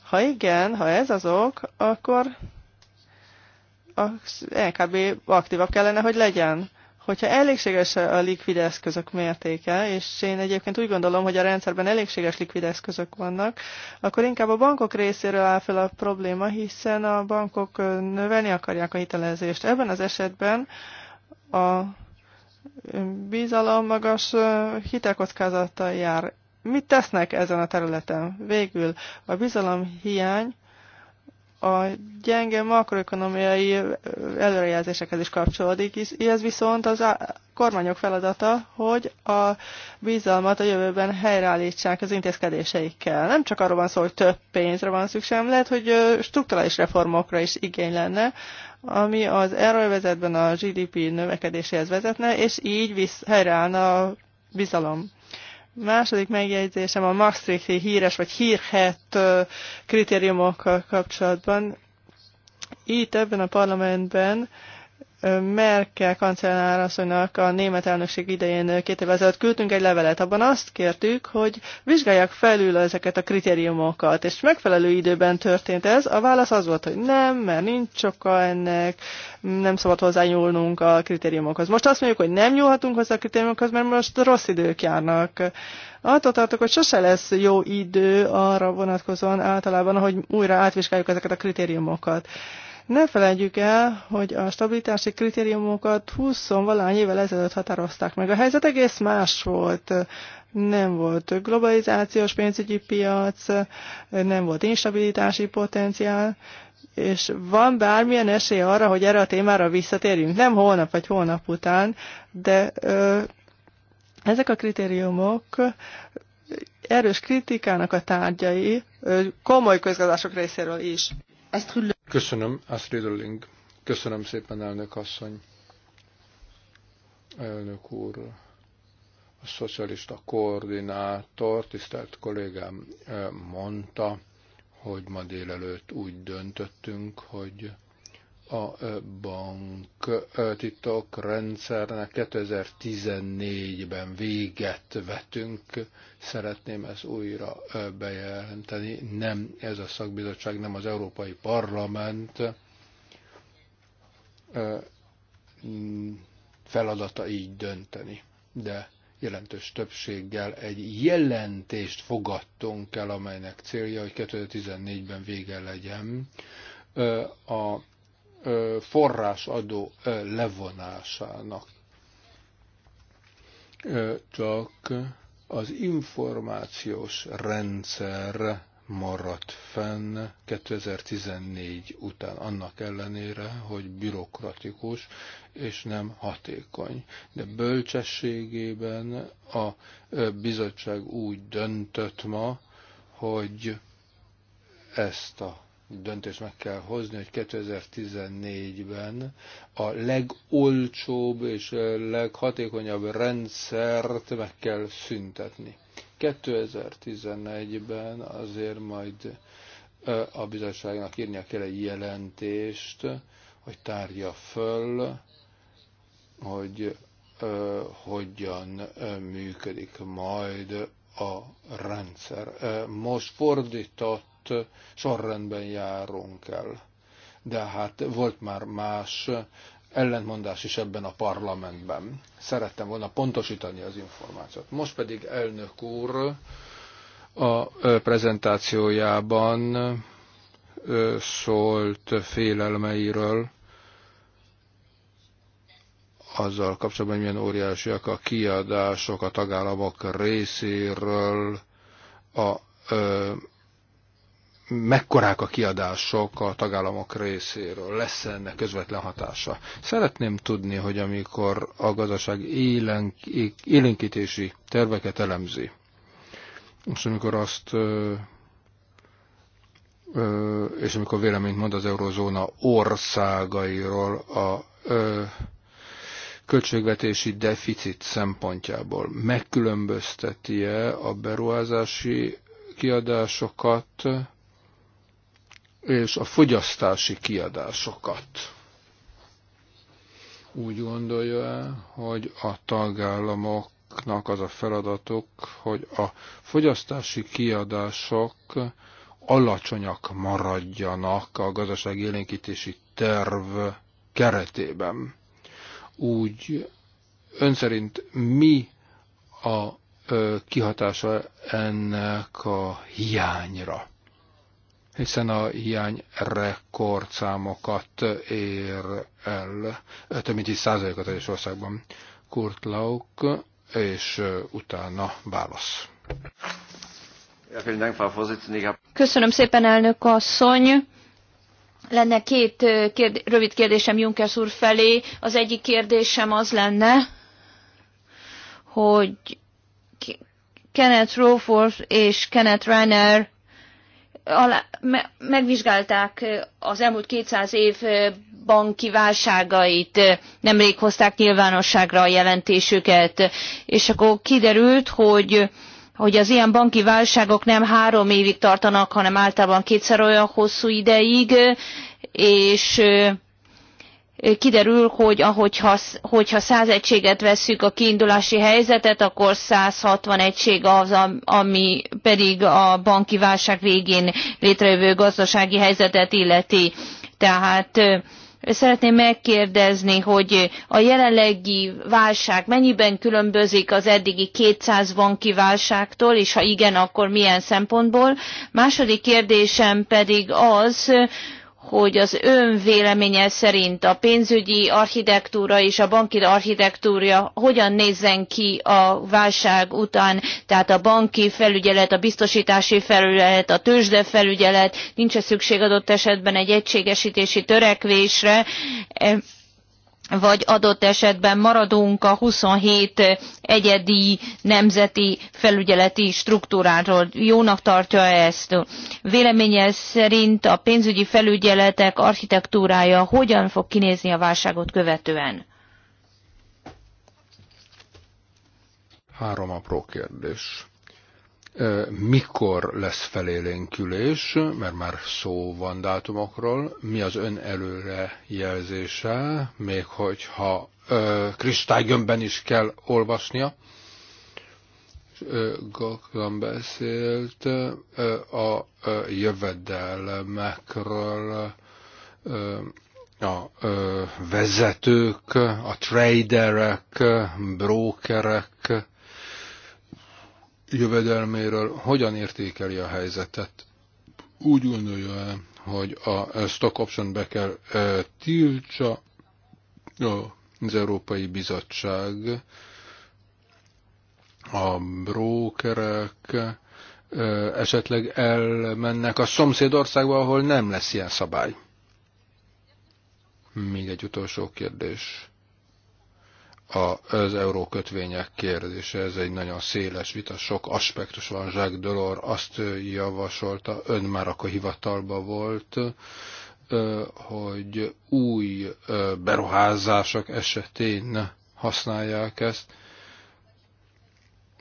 Ha igen, ha ez az ok, akkor az LKB aktívabb kellene, hogy legyen. Hogyha elégséges a likvid eszközök mértéke, és én egyébként úgy gondolom, hogy a rendszerben elégséges likvid eszközök vannak, akkor inkább a bankok részéről áll fel a probléma, hiszen a bankok növelni akarják a hitelezést. Ebben az esetben a bizalom magas hitelkockázattal jár. Mit tesznek ezen a területen? Végül a bizalom hiány a gyenge makroekonomiai előrejelzésekhez is kapcsolódik, ez viszont az kormányok feladata, hogy a bizalmat a jövőben helyreállítsák az intézkedéseikkel. Nem csak arról van szó, hogy több pénzre van szükség, lehet, hogy strukturális reformokra is igény lenne, ami az erővezetben a GDP növekedéséhez vezetne, és így visz, helyreállna a bizalom. Második megjegyzésem a Maastrichti híres vagy hírhet kritériumokkal kapcsolatban. Itt ebben a parlamentben Merkel kancellárasszonynak a német elnökség idején két évvel ezelőtt küldtünk egy levelet. Abban azt kértük, hogy vizsgálják felül ezeket a kritériumokat, és megfelelő időben történt ez. A válasz az volt, hogy nem, mert nincs oka ennek, nem szabad hozzányúlnunk a kritériumokhoz. Most azt mondjuk, hogy nem nyúlhatunk hozzá a kritériumokhoz, mert most rossz idők járnak. Attól tartok, hogy sose lesz jó idő arra vonatkozóan általában, hogy újra átvizsgáljuk ezeket a kritériumokat. Ne felejtjük el, hogy a stabilitási kritériumokat 20 valány évvel ezelőtt határozták meg. A helyzet egész más volt. Nem volt globalizációs pénzügyi piac, nem volt instabilitási potenciál, és van bármilyen esély arra, hogy erre a témára visszatérjünk. Nem holnap vagy holnap után, de ö, ezek a kritériumok erős kritikának a tárgyai, ö, komoly közgazdások részéről is. Ezt hüllő. Köszönöm, Astrid Link. Köszönöm szépen, elnök asszony. Elnök úr, a szocialista koordinátor, tisztelt kollégám eh, mondta, hogy ma délelőtt úgy döntöttünk, hogy a e, bank e, titokrendszernek 2014-ben véget vetünk. Szeretném ezt újra e, bejelenteni. Nem ez a szakbizottság, nem az Európai Parlament feladata így dönteni. De jelentős többséggel egy jelentést fogadtunk el, amelynek célja, hogy 2014-ben vége legyen a forrásadó levonásának. Csak az információs rendszer maradt fenn 2014 után, annak ellenére, hogy bürokratikus és nem hatékony. De bölcsességében a bizottság úgy döntött ma, hogy ezt a döntést meg kell hozni, hogy 2014-ben a legolcsóbb és leghatékonyabb rendszert meg kell szüntetni. 2011-ben azért majd a bizottságnak írnia kell egy jelentést, hogy tárja föl, hogy ö, hogyan működik majd a rendszer. Most fordított most sorrendben járunk el. De hát volt már más ellentmondás is ebben a parlamentben. Szerettem volna pontosítani az információt. Most pedig elnök úr a prezentációjában szólt félelmeiről, azzal kapcsolatban, hogy milyen óriásiak a kiadások a tagállamok részéről a mekkorák a kiadások a tagállamok részéről, lesz ennek közvetlen hatása. Szeretném tudni, hogy amikor a gazdaság élenk, élénkítési terveket elemzi, és amikor azt és amikor véleményt mond az eurozóna országairól a költségvetési deficit szempontjából, megkülönbözteti-e a beruházási kiadásokat és a fogyasztási kiadásokat. Úgy gondolja, -e, hogy a tagállamoknak az a feladatok, hogy a fogyasztási kiadások alacsonyak maradjanak a gazdaság élénkítési terv keretében. Úgy ön szerint mi a kihatása ennek a hiányra? hiszen a hiány rekordszámokat ér el, több mint 10 százalékot egyes országban. Kurt Lauk, és utána válasz. Köszönöm szépen, elnök asszony! Lenne két kérd- rövid kérdésem Junkers úr felé. Az egyik kérdésem az lenne, hogy Kenneth Rowforth és Kenneth Reiner alá, me, megvizsgálták az elmúlt 200 év banki válságait, nemrég hozták nyilvánosságra a jelentésüket, és akkor kiderült, hogy hogy az ilyen banki válságok nem három évig tartanak, hanem általában kétszer olyan hosszú ideig, és kiderül, hogy ahogyha, hogyha 100 egységet veszük a kiindulási helyzetet, akkor 160 egység az, ami pedig a banki válság végén létrejövő gazdasági helyzetet illeti. Tehát szeretném megkérdezni, hogy a jelenlegi válság mennyiben különbözik az eddigi 200 banki válságtól, és ha igen, akkor milyen szempontból. Második kérdésem pedig az, hogy az ön véleménye szerint a pénzügyi architektúra és a banki architektúra hogyan nézzen ki a válság után, tehát a banki felügyelet, a biztosítási felügyelet, a tőzsde felügyelet, nincs-e szükség adott esetben egy egységesítési törekvésre, e, vagy adott esetben maradunk a 27 egyedi nemzeti felügyeleti struktúráról. Jónak tartja ezt? Véleménye szerint a pénzügyi felügyeletek architektúrája hogyan fog kinézni a válságot követően? Három apró kérdés mikor lesz felélénkülés, mert már szó van dátumokról, mi az ön előre jelzése, még hogyha kristálygömbben is kell olvasnia. Gakran beszélt a jövedelmekről, a vezetők, a traderek, brokerek jövedelméről hogyan értékeli a helyzetet? Úgy gondolja-e, hogy a stock option be kell e, tiltsa az Európai Bizottság, a brókerek e, esetleg elmennek a szomszédországba, ahol nem lesz ilyen szabály? Még egy utolsó kérdés az eurókötvények kérdése, ez egy nagyon széles vita, sok aspektus van. Jacques Delors azt javasolta, ön már akkor hivatalba volt, hogy új beruházások esetén használják ezt.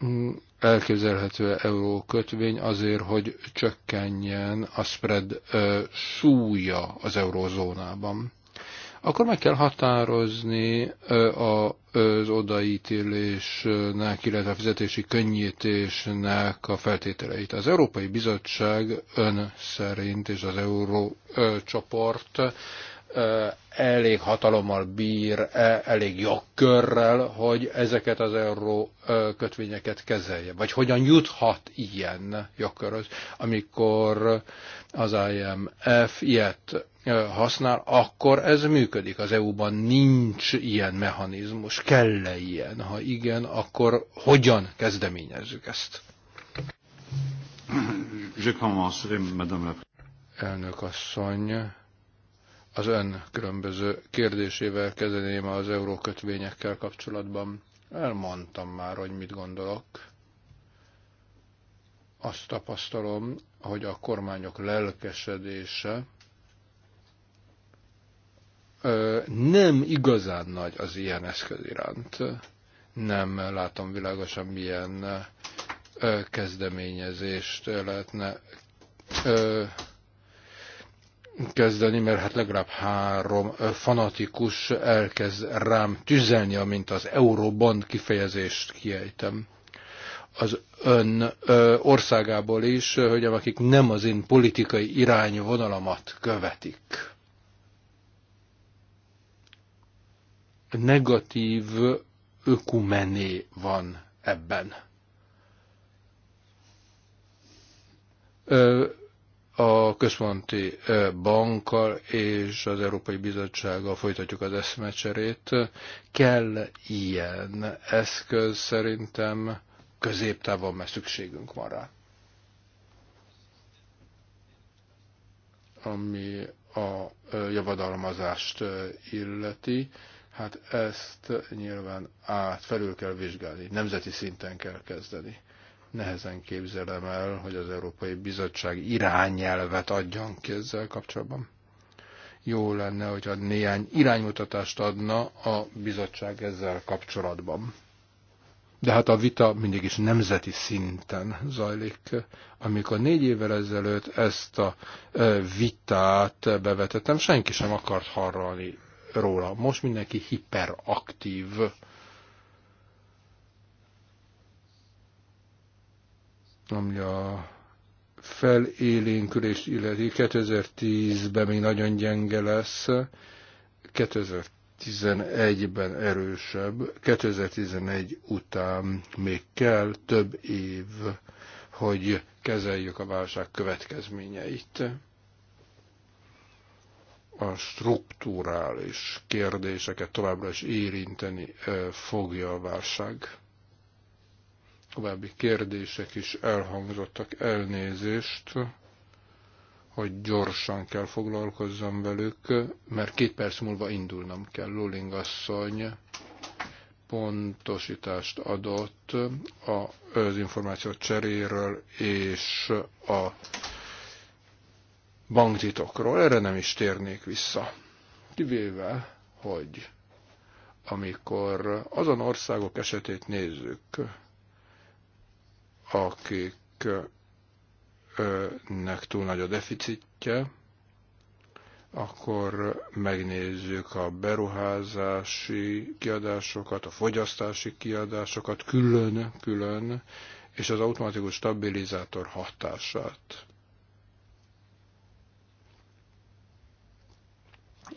Mm, Elképzelhető euró kötvény azért, hogy csökkenjen a spread súlya az eurózónában akkor meg kell határozni az odaítélésnek, illetve a fizetési könnyítésnek a feltételeit. Az Európai Bizottság ön szerint és az Eurócsoport elég hatalommal bír, e, elég jogkörrel, hogy ezeket az euró kötvényeket kezelje? Vagy hogyan juthat ilyen jogkörhöz, amikor az IMF ilyet használ, akkor ez működik. Az EU-ban nincs ilyen mechanizmus, kell -e ilyen? Ha igen, akkor hogyan kezdeményezzük ezt? Je commencerai, madame la Elnök asszony, az ön különböző kérdésével kezdeném az eurókötvényekkel kapcsolatban. Elmondtam már, hogy mit gondolok. Azt tapasztalom, hogy a kormányok lelkesedése nem igazán nagy az ilyen eszköz iránt. Nem látom világosan, milyen kezdeményezést lehetne kezdeni, mert hát legalább három fanatikus elkezd rám tüzelni, amint az Euróban kifejezést kiejtem az ön ö, országából is, hogy akik nem az én politikai irányvonalamat követik. negatív ökumené van ebben. A központi bankkal és az Európai Bizottsággal folytatjuk az eszmecserét. Kell ilyen eszköz szerintem középtávon, mert szükségünk van rá. Ami a javadalmazást illeti, hát ezt nyilván át felül kell vizsgálni, nemzeti szinten kell kezdeni. Nehezen képzelem el, hogy az Európai Bizottság irányelvet adjon ki ezzel kapcsolatban. Jó lenne, hogyha néhány iránymutatást adna a bizottság ezzel kapcsolatban. De hát a vita mindig is nemzeti szinten zajlik. Amikor négy évvel ezelőtt ezt a vitát bevetettem, senki sem akart harralni róla. Most mindenki hiperaktív. Ami a felélénkülést illeti 2010-ben még nagyon gyenge lesz, 2011-ben erősebb, 2011 után még kell több év, hogy kezeljük a válság következményeit a strukturális kérdéseket továbbra is érinteni e, fogja a válság. További kérdések is elhangzottak, elnézést, hogy gyorsan kell foglalkozzam velük, mert két perc múlva indulnom kell. Luling asszony pontosítást adott az információ cseréről és a banktitokról, erre nem is térnék vissza. Kivéve, hogy amikor azon országok esetét nézzük, akiknek túl nagy a deficitje, akkor megnézzük a beruházási kiadásokat, a fogyasztási kiadásokat külön-külön, és az automatikus stabilizátor hatását.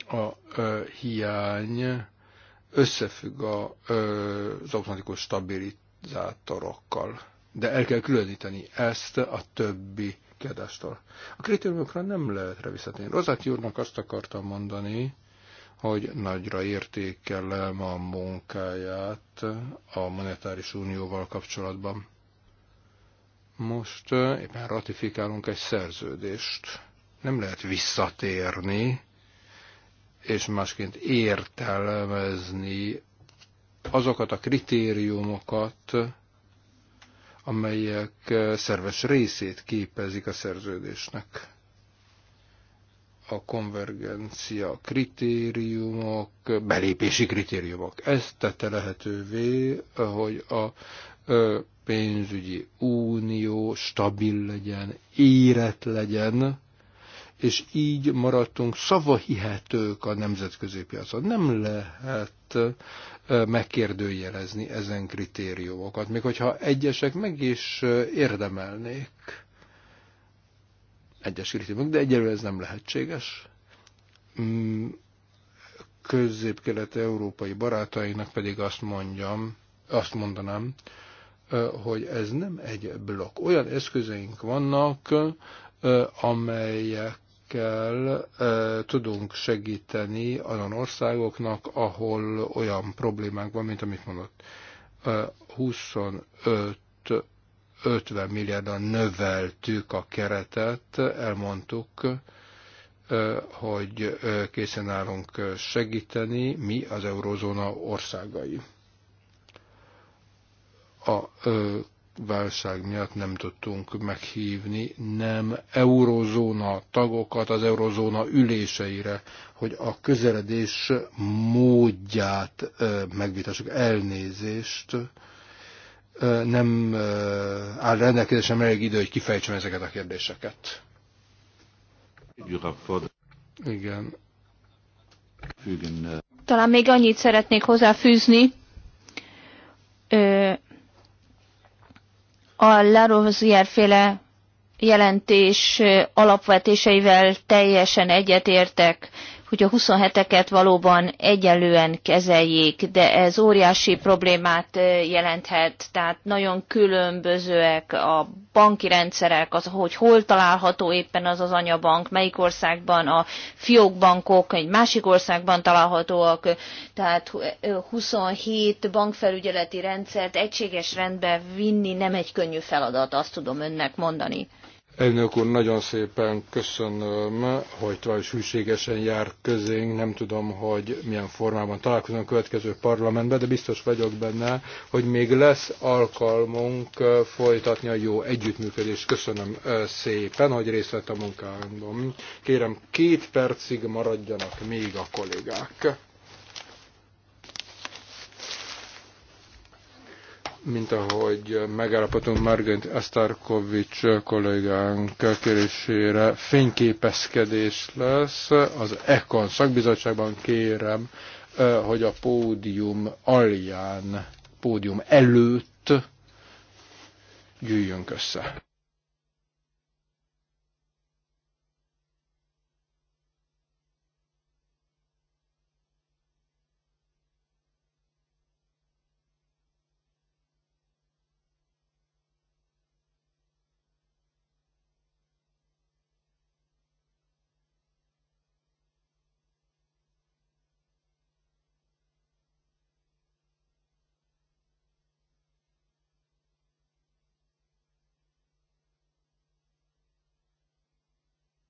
a e, hiány összefügg a, e, az automatikus stabilizátorokkal. De el kell különíteni ezt a többi kérdéstől. A kritériumokra nem lehet rá visszatérni. Rozati úrnak azt akartam mondani, hogy nagyra értékelem a munkáját a monetáris unióval kapcsolatban. Most e, éppen ratifikálunk egy szerződést. Nem lehet visszatérni és másként értelmezni azokat a kritériumokat, amelyek eh, szerves részét képezik a szerződésnek. A konvergencia kritériumok, belépési kritériumok. Ez tette lehetővé, hogy a eh, pénzügyi unió stabil legyen, érett legyen, és így maradtunk szavahihetők a nemzetközi piacon. Nem lehet megkérdőjelezni ezen kritériumokat, még hogyha egyesek meg is érdemelnék egyes kritériumok, de egyelőre ez nem lehetséges. Mm, Közép-kelet-európai barátainak pedig azt mondjam, azt mondanám, hogy ez nem egy blokk. Olyan eszközeink vannak, amelyek kell tudunk segíteni olyan országoknak, ahol olyan problémák van, mint amit mondott. 25 50 milliárdan növeltük a keretet, elmondtuk, hogy készen állunk segíteni, mi az eurozóna országai. A válság miatt nem tudtunk meghívni nem eurozóna tagokat az eurozóna üléseire, hogy a közeledés módját megvitassuk, elnézést. Nem áll rendelkezésem elég idő, hogy kifejtsem ezeket a kérdéseket. Igen. Talán még annyit szeretnék hozzáfűzni, a larozier féle jelentés alapvetéseivel teljesen egyetértek hogy a 27-eket valóban egyenlően kezeljék, de ez óriási problémát jelenthet, tehát nagyon különbözőek a banki rendszerek, az, hogy hol található éppen az az anyabank, melyik országban a fiókbankok, egy másik országban találhatóak, tehát 27 bankfelügyeleti rendszert egységes rendbe vinni nem egy könnyű feladat, azt tudom önnek mondani. Elnök úr, nagyon szépen köszönöm, hogy tovább is hűségesen jár közénk. Nem tudom, hogy milyen formában találkozunk a következő parlamentben, de biztos vagyok benne, hogy még lesz alkalmunk folytatni a jó együttműködést. Köszönöm szépen, hogy részt vett a munkánkban. Kérem, két percig maradjanak még a kollégák. mint ahogy megállapodtunk Margent Asztarkovics kollégánk kérésére, fényképezkedés lesz az ECON szakbizottságban, kérem, hogy a pódium alján, pódium előtt gyűjjünk össze.